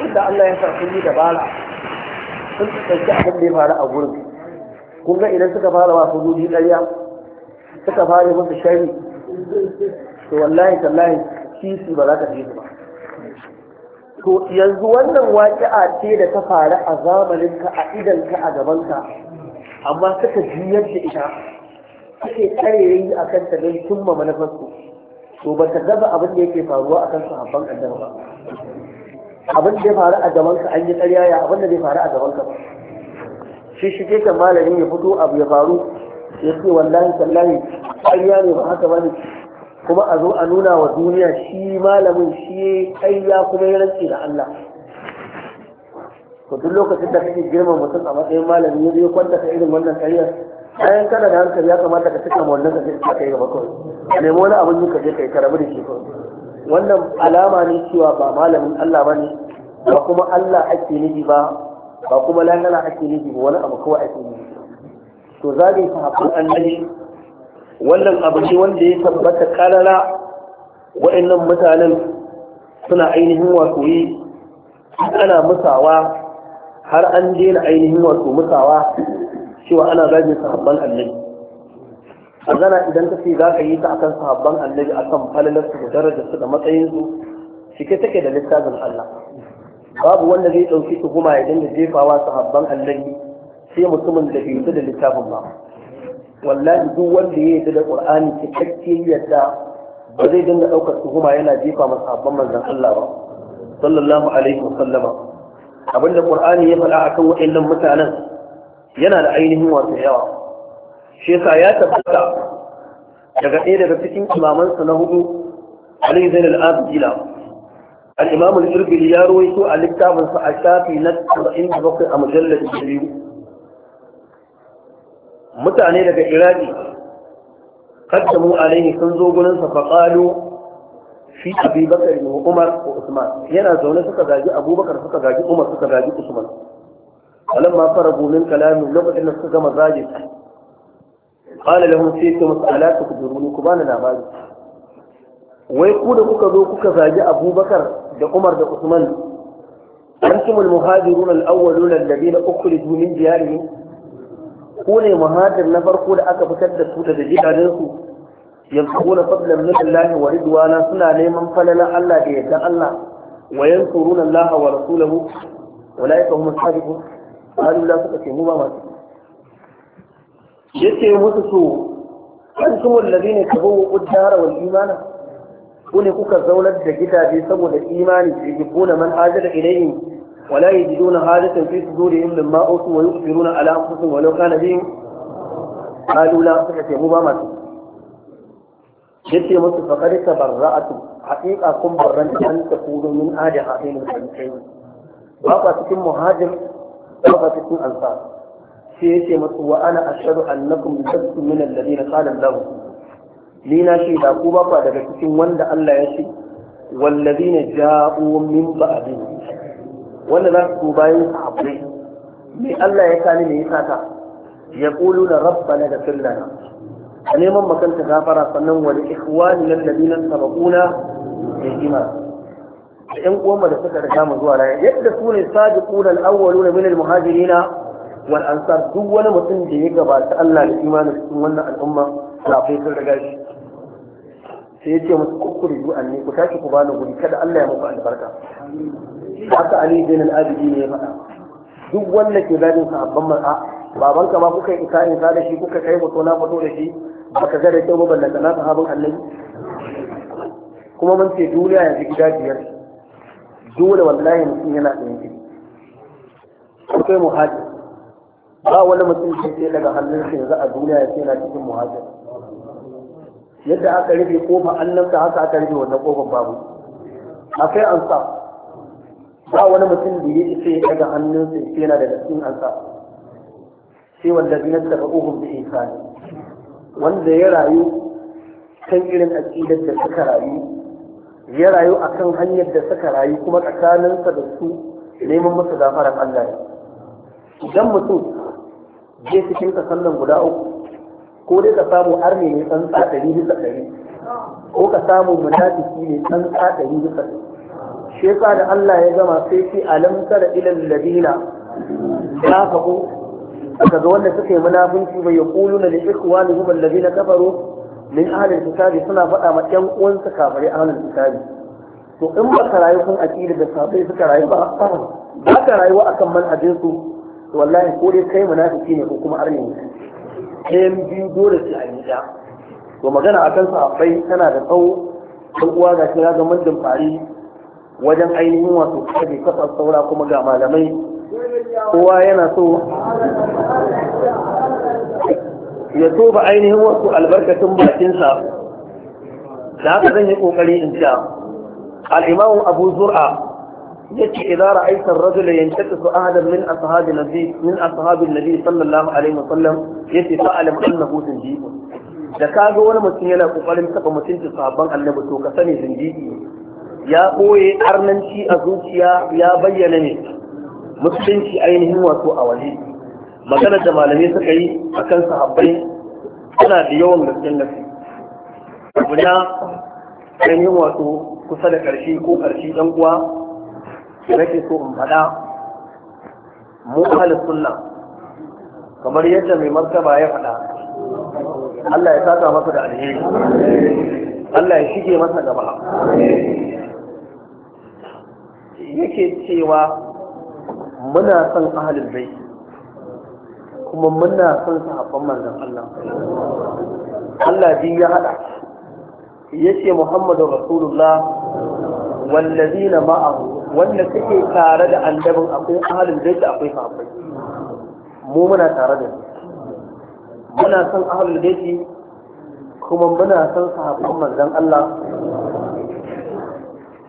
duk da Allah ya sa sun yi dabara sun tsaki abin da ya faru a gurin kun ga idan suka fara ba sojoji ƙarya suka fara musu shari to wallahi tallahi kisi ba za ka ji su ba to yanzu wannan waƙi'a ce da ta faru a zamaninka a idanka a gabanka amma suka juyar da ita suke tsareyi a kanta don cimma manufarsu to ba ta gaba abin da yake faruwa a kan sahabban annabi ba abin da ya faru a gabanka an yi ƙarya ya abin da bai faru a gabanka ba shi shige kan malamin ya fito abu ya faru ya ce wallahi tallahi ƙarya ne ba haka ba ne kuma a zo a nuna wa duniya shi malamin shi ya kuma ya rantse da Allah to duk lokacin da kake girma mutum a matsayin malami ya zo kwanta ka irin wannan ƙaryar bayan kana da hankali ya kamata ka cika ma wannan kaje ka kai gaba kawai nemi wani abin yi ka je kai ka rabu da shi wannan alama ne cewa ba malamin Allah bane ba kuma Allah ake nufi ba ba kuma lahira ake nufi ba wani abu kawai ake nufi to zagaye sahabban annabi wannan abu ce wanda ya tabbata karara wa'annan mutanen suna ainihin wato yi ana musawa har an daina ainihin wato musawa cewa ana zagin sahabban annabi azana idan ta ce za ka yi ta akan sahabban annabi akan falalarsu da darajarsu da matsayinsu cike take da littafin Allah babu wanda zai ɗauki tuhuma ya dinga jefawa sahabban annabi sai mutumin da bai da littafin ba wallahi duk wanda ya yi da qur'ani cikakken yadda ba zai dinga daukar tuhuma yana jefa masa sabon manzon Allah ba sallallahu alaihi wasallama abinda qur'ani ya faɗa akan waɗannan mutanen yana da ainihin wasu yawa shi yasa ya tabbata daga ɗaya daga cikin imamansa na hudu Ali Zain al-Abdila al-Imam al-Irbili ya ruwaito a littafinsa a shafi na 47 a mujallad 2 mutane daga iraki kaddamu alaihi sun zo gurin sa faqalu fi abi bakar ne umar ko usman yana zaune suka gaji abubakar suka gaji umar suka gaji usman ma faragu min kalamin lokacin da suka gama zaji qala lahum sai ta mas'ala ta kuduruni ku bani labari wai ku da kuka zo kuka zagi abubakar da umar da usman antumul muhajirun al-awwaluna alladhina ukhrijoo min diyarihim ku ne muhajir na farko da aka fitar da su daga gidajensu yankuruna fadlan min Allah wa ridwana suna neman falalan Allah da yadda Allah wa yankuruna Allah wa rasulahu ulaika hum as-sadiqun qalu la suka ce mu ba masu yace musu su antum alladhina tabawwa'u ad-dara wal imana ku ne kuka zaunar da gidaje saboda imani ku ne man hajira ilayhim ولا يجدون حاجة في صدورهم مما أوتوا ويؤثرون على أنفسهم ولو كان بهم قالوا لا صحة مبامة جدي مصر فقد تبرأت حقيقة كن برنت أن تكونوا من آل هذين الحديثين بابا تكون مهاجر بابا تكون أنصار سيتي مصر وأنا أشهد أنكم لستم من الذين قال الله لينا شيء لا كوبا بعد لكتم وند الله يشي والذين جاءوا من بعدهم wanda za su bayan sahabbai me Allah ya kani ne ya saka ya kulu na rabbana da fillana a neman makanta gafara sannan wani ikhwani nan da binan da ima da ƴan uwanmu da suka riga mu zuwa raya yadda su ne sabiqun al-awwaluna min al-muhajirina wal ansar duk wani mutum da ya gabata Allah da imanin cikin wannan al'umma da akwai sun riga shi sai yace musu kukuri du'an ne ku tashi ku bani guri kada Allah ya muku albarka haka Ali bin al-Abidi ne ya faɗa duk wanda ke gadin sahabban man'a babanka ma kuka yi isa sa da shi kuka kai mutu na fito da shi baka ga da kyau ba ballanta na sahabban annabi kuma mun ce duniya yanzu gida biyar dole wallahi mutum yana da yanki kai muhajir ba wani mutum sai daga hannun shi yanzu a duniya ya ce yana cikin muhajir yadda aka rufe kofa annabta haka aka rufe wannan kofar babu akai ansar ba wani mutum da ya isa ya ga hannunsa ya yana daga cikin ansar sai wanda na taɓa uhun da ihsani wanda ya rayu kan irin aƙidar da suka rayu ya rayu akan hanyar da suka rayu kuma tsakaninsa da su neman musu gafaran Allah idan mutum je cikin kasan guda uku ko dai ka samu arme ne tsantsa ɗari bisa ɗari ko ka samu munafiki ne tsantsa ɗari bisa ɗari shi da Allah ya gama sai ce alam tara ilal ladina ya faɗo daga ga wanda suka yi munafunci bai ya kulu na kuwa ne alladina kafaro min ahalin kitabi suna faɗa ma ɗan uwansa kafare ahalin kitabi to in ba ka rayu kun aƙida da sabai suka rayu ba ba ka rayuwa akan manhajinsu to wallahi ko dai kai munafiki ne ko kuma arni ne ɗayan biyu dole sai a yi to magana a kan akwai tana da tsawo ɗan uwa ga shi ga mandin fari wajen ainihin wato kaje kasa saura kuma ga malamai kowa yana so ya ba ainihin wasu albarkatun bakinsa da haka zan yi ƙoƙari in sha al'imamu abu zur'a yace idza ra'aita ar-rajul yantaqisu ahadan min ashabi nabi min nabi sallallahu alaihi wasallam yace fa'alam annahu zindiq da kaga wani mutum yana kokarin taba mutunci sahabban annabi to ka sani zindiqi ya boye arnanci a zuciya ya bayyana ne musulunci ainihin wato a waje maganar da malamai suka yi akan sahabbai suna da yawan gaskiyar gaske guda ainihin wato kusa da ƙarshe ko ƙarshe ɗan uwa nake so in faɗa mu ahlus sunna kamar yadda mai martaba ya faɗa Allah ya saka masa da alheri Allah ya shige masa gaba yake cewa muna son ahlul bai. kuma muna son sahabban manzon Allah Allah bi ya hada yace Muhammadu Rasulullah wallazina ma'ahu wanda suke tare da annabin akwai ahalin baiti akwai sahabbai mu muna tare da su muna son ahalul baiti kuma muna son sahabban manzon Allah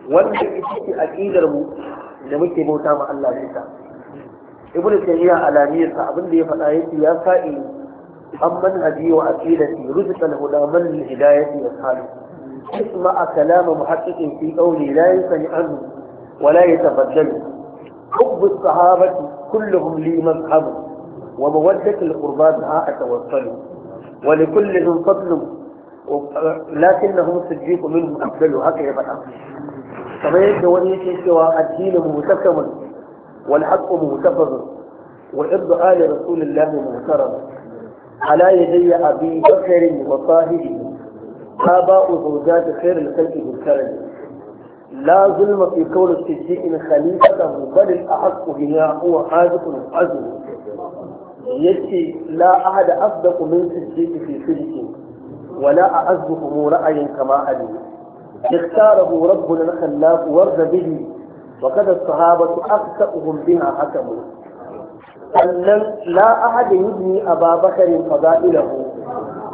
wanda ita ce aqidar mu da muke bauta ma Allah ne ta ibnu tayyiya alaniyar sa abin da ya faɗa yake ya sa'i an manhaji wa aqidati rujtal huda man hidayati yashalu اسمع كلام محقق في قولي لا ينسني عنه ولا يتبدل حب الصحابة كلهم لي مذهب ومودة القربان ها أتوصل ولكلهم فضل لكنهم صديق منهم أفضل هكذا كما يجب أن يشوى الدين متكمل والحق متفضل وإرض آل رسول الله مغترم على يدي أبي بكر وصاحبه آباء زوجات خير الخلق بالكرم لا ظلم في قول الصديق خليفته بل الأحق بها هو حاجة عزم يجي لا أحد أصدق من صديق في صدق ولا أعزهم رأي كما علي اختاره ربنا الخلاق ورد به وقد الصحابة أخطأهم بها حكموا أن لا أحد يبني أبا بكر فضائله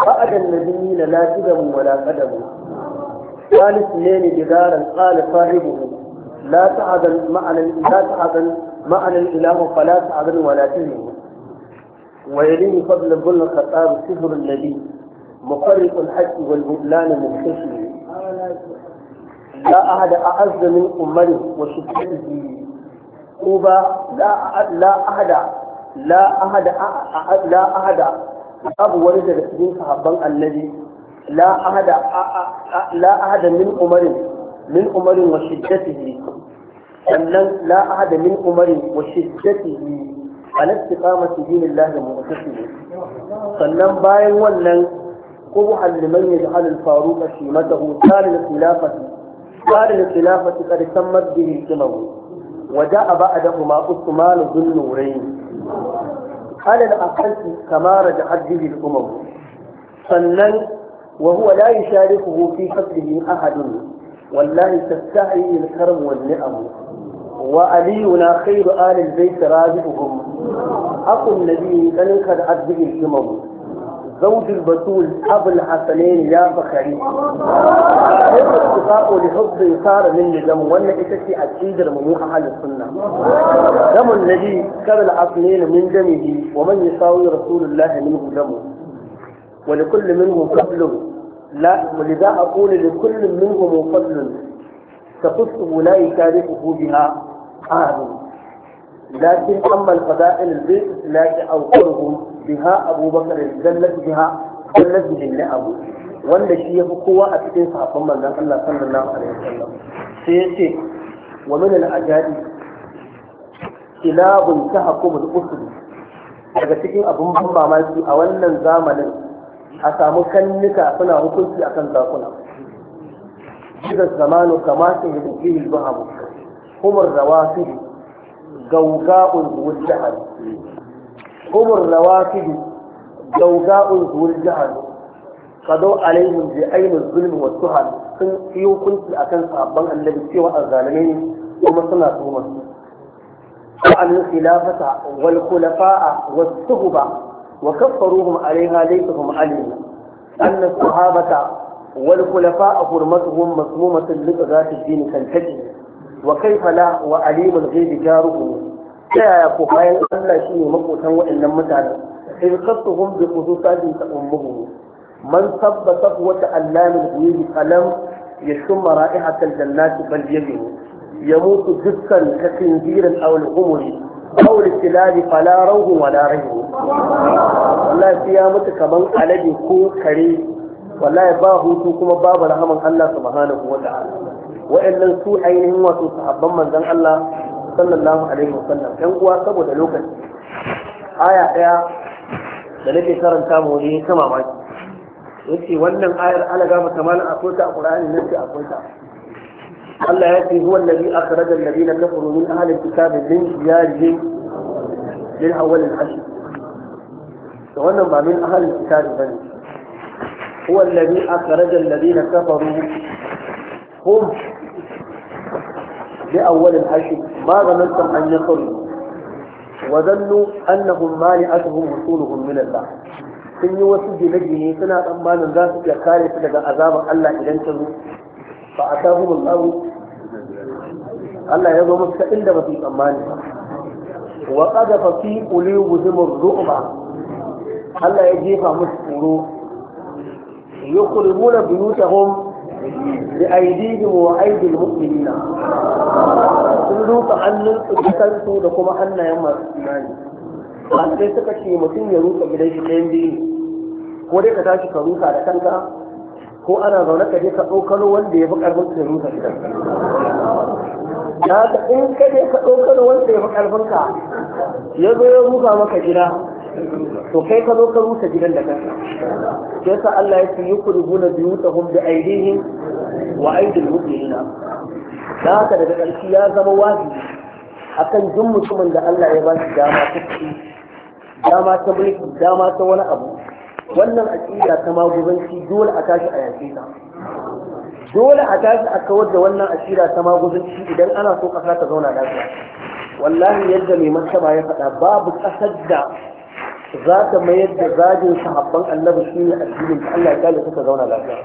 بعد النبيين لا قدم ولا قدم والاثنين جدارا قال صاحبه لا تعذن معنى لا تعذن معنى الاله فلا تعذن ولا تهنه ويليه فضل بن الخطاب سفر النبي مفرق الحج والبطلان مكتشف لا أحد أعز من أمره وشدته طوبى لا لا أحد لا أحد لا أحد أبو ولد cikin sahabban annabi لا أحد لا أحد من عمر من عمر وشدته sannan la ahada min umari wa shiddatihi ala istiqamati dinillahi mu'tasibi sannan bayan wannan qubhan liman yaj'al al-faruq shimatahu salil khilafati salil khilafati qad sammat bihi sunahu wa ja'a ba'dahu ma usman bin nurayn ala al-aqal kama وهو لا يشاركه في فضله أحد والله تستحي الكرم والنعم وألينا خير آل البيت رازقهم أخو النبي كان قد عد به الهمم زوج البتول أبو الحسنين يا بخري كيف اتفاق لحب صار من دم ولا إتتي أكيد رموح أهل السنة دم النبي كان الحسنين من دمه ومن يساوي رسول الله منه دمه ولكل منهم فضل لا ولذا أقول لكل منهم فضل تخص لا يشاركه بها أحد لكن أما الفضائل البيت لا أوقره بها أبو بكر جلت بها جلت به أبو wanda shi ya fi kowa a cikin sahabban manzon Allah sallallahu alaihi wasallam sai ya ce wa min al-ajadi bun ta al-usul daga cikin abun ban mamaki a wannan zamanin a samu kannuka suna hukunci akan zakuna shiga zamanu kama sun yi da dukkan bahabu humar rawafidi gauga'un zuwar jihar humar rawafidi gauga'un zuwar jihar kado alaihun bi ainihin zulmi wa tuhal sun yi hukunci akan sabon annabi cewa azzalame ne kuma suna tuhumar su وعن الخلافة والخلفاء والصحبة wa kafaruhum alaiha laysa alima anna sahabata wal khulafa hurmatuhum masmumatun li dhati dini kan haji wa kayfa la wa alimul ghaibi jaruhu ya ko bayan Allah shine makotan waɗannan mutane? sai qattuhum bi qususatin ta'ummuhum man sabbata wa ta'allama bihi qalam يشم رائحة الجنات بل يده يموت جثا كخنزير أو الغمر kawar silali fala rauhun wala rahu Allah shi ya mutu kamar alade ko kare wallahi ba hutu kuma babu rahaman Allah subhanahu wa ta'ala wa'annan su ainihin wato sahabban manzon Allah sallallahu alaihi wa sallam saboda lokaci aya daya da nake karanta mu ne sama baki yace wannan ayar Allah ga mu kamar a ko ta Allah ya ce huwa alladhi akhraja alladhina kafaru min ahli alkitabi min min awwal al-ashr. To wannan ba min ahli alkitabi bane. Huwa alladhi akhraja alladhina kafaru hum bi awwal al-ashr ma ghamantum an yakhru وظنوا انهم مانعتهم وصولهم من الله sun yi wasu gine-gine suna tsammanin za su iya kare su daga azabar Allah idan ta zo fa atahum Allah Allah ya zo musu inda ba su tsammani ba wa qadafa fi qulubihim ar-ru'ba Allah ya jefa musu tsoro hom? yukhribuna buyutahum بأيديهم وأيدي المؤمنين سلوك أن تكنتوا لكم أن يوم الإيمان ba sai suka ce mutum ya rufe gidan shi ɗayan biyu ko dai ka tashi ka rusa da kanka ko ana zaune ka je ka ɗaukano wanda ya fi ƙarfin ka rusa gidan ya ka in ka je ka ɗaukano wanda ya fi ƙarfin ka ya zo ya rusa maka gida to kai ka zo ka rusa gidan da kanka sai sa Allah ya ce yukribuna biyutahum bi aydihim wa aydil mu'minina da haka daga ƙarshe ya zama wajibi akan duk mutumin da Allah ya ba shi dama ta dama ta mulki dama ta wani abu wannan aƙida ta maguzanci dole a tashi a yaƙe ta dole a tashi a kawar da wannan aƙida ta maguzanci idan ana so ƙasa ta zauna lafiya wallahi yadda mai martaba ya faɗa babu ƙasar da za ta mayar da zagin sahabban annabi shi ne addinin ta Allah ya kare suka zauna lafiya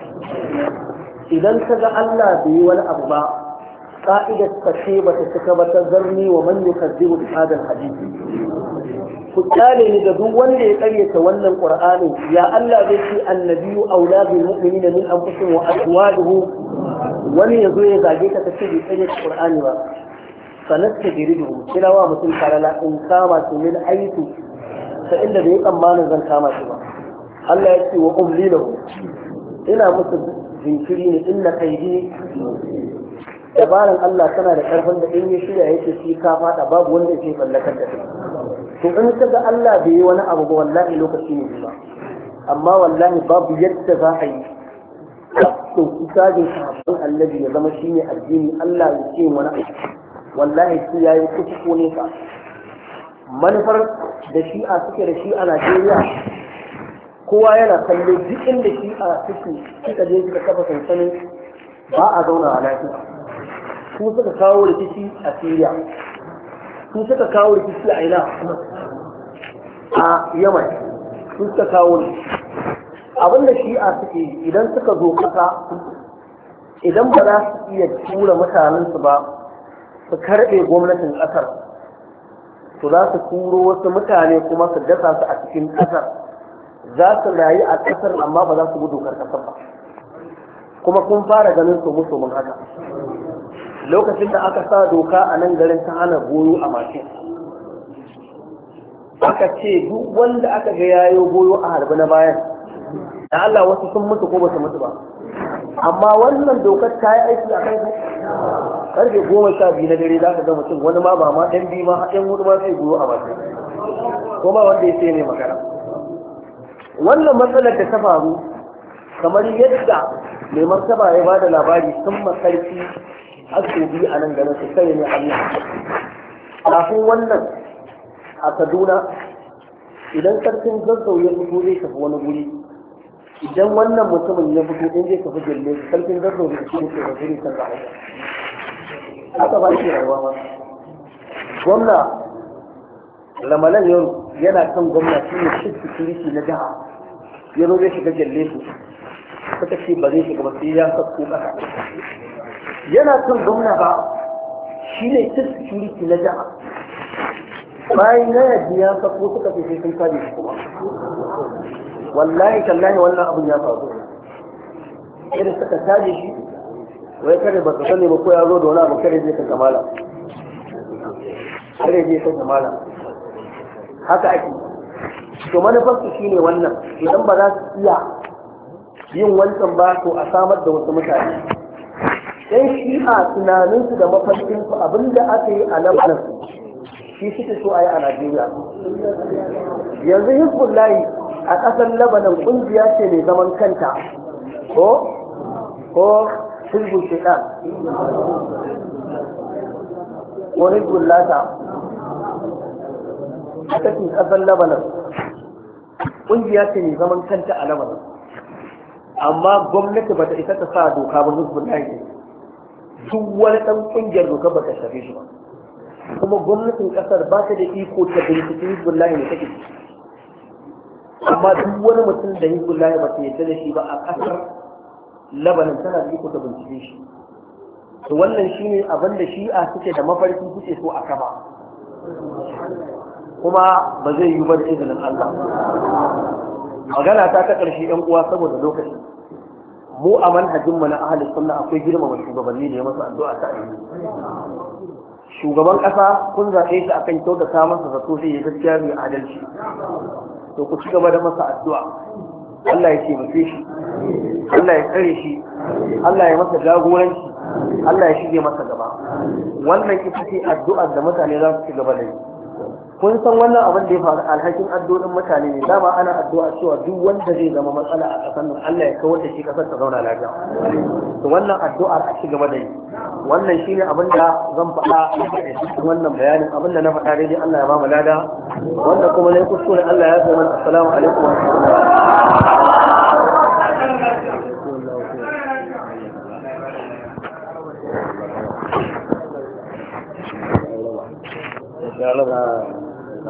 idan ka ga Allah bai yi wani abu ba ka'idar ta ce ba ta cika ba ta zarni wa man yukazzibu bi hadal hadisi ku kyale ni da duk wanda ya karyata wannan qur'anin ya Allah zai ci annabiyu aula bil mu'minina min anfusihim wa azwajuhu wani yazo ya zage ka kace bai karyata qur'ani ba sanasta jiridu kira wa mutum karala in kama su min aitu ta inda bai tsammanin zan kama shi ba Allah ya ce wa umli lahu ina musu jinkiri ne inna kaidi dabaran Allah tana da karfin da in ya shirya yake shi ka fada babu wanda ce mallakar da shi to in ka ga Allah bai yi wani abu ba wallahi lokaci ne ba amma wallahi babu yadda za a yi ɗauki sajin sahabban annabi ya zama shine addini Allah ya ce wani abu wallahi su ya yi kusa ko ka. manufar da shi'a suke da shi a Najeriya kowa yana kallo duk inda shi'a suke suka je suka kafa sansanin ba a zauna a lafiya su suka kawo rikici a Siriya su suka kawo rikici a ina a yamai sun ta kawo ne abinda a suke idan suka zo kasa idan ba za su iya tura mutanensu ba su karɓe gwamnatin ƙasar to za su turo wasu mutane kuma su dasa su a cikin ƙasar za su rayu a ƙasar amma ba za su gudu karkasar ba kuma kun fara ganin su musu haka lokacin da aka sa doka a nan garin ta hana goyo a mashin aka ce duk wanda aka ga yayo goyo a harbi na bayan da Allah wasu sun mutu ko basu mutu ba amma wannan dokar ta yi aiki a kan karfe goma sha biyu na dare za ka ga mutum wani ma ba ma ɗan biyu ma ɗan hudu ma sai goyo a baki ko ba wanda ya sai ne makara wannan matsalar da ta faru kamar yadda mai martaba ya bada labari sun makarfi har a nan ganin su kai ne Allah kafin wannan a kaduna idan sarkin zazzau ya fito zai tafi wani guri idan wannan mutumin ya fito in zai tafi gelle sarkin zazzau da shi ne da zuri kan zaɓa haka ba shi rayuwa ma gwamna Lamalai yau yana kan gwamna shi ne shi security na jiha ya zo zai shiga gelle su suka ce ba zai shiga ba sai ya sako ƙasa yana kan gwamna ba shi ne shi security na jiha bayan ya yaji ya sako suka ce sai sun kare shi kuma wallahi tallahi wannan abin ya faru irin suka kare shi wai kare ba ka sani ba ko ya zo da wani abu kare zai ka kamala kare zai ka kamala haka ake to manufarsu shine wannan idan ba za su iya yin wancan ba to a samar da wasu mutane sai shi a tunaninsu da mafarkinsu abinda aka yi a nan shi suke so a yi a najeriya yanzu hizbullahi a ƙasar labanan ƙungiya ce mai zaman kanta ko ko hizbul shaitan ko hizbul lata a cikin ƙasar labanan ƙungiya ce mai zaman kanta a labanan amma gwamnati ba ta isa ta sa doka ba hizbul lahi duk wani ɗan ƙungiyar doka ba ta shafe shi ba kuma gwamnatin kasar ba ta da iko ta binciki hizbullahi ne take amma duk wani mutum da hizbullahi ba ta yadda da shi ba a kasar labanin tana da iko ta bincike shi to wannan shi ne abin da a suke da mafarki suke so a kama kuma ba zai yi ba da izinin Allah magana ta ta ƙarshe yan uwa saboda lokaci mu a manhajinmu na ahlus sunna akwai girmama shugabanni da ya masu addu'a ta shugaban ƙasa kun zaɓe shi akan kyautata masa zato zai yi gaskiya mai adalci to ku ci gaba da masa addu'a Allah ya taimake shi Allah ya tsare shi Allah ya masa jagoranci Allah ya shige masa gaba wannan ita ce addu'ar da mutane za su ci gaba da yi kun san wannan abin da ya faru alhakin addu'o'in mutane ne dama ana addu'a cewa duk wanda zai zama matsala a ƙasar nan Allah ya kawar da shi ƙasar ta zauna lafiya to wannan addu'ar a ci gaba da yi wannan shine abin da zan faɗa wannan bayanin abin da na faɗa daidai Allah ya ba mu lada wanda kuma ne kuskure Allah ya zama assalamu alaikum wa rahmatullahi Gracias.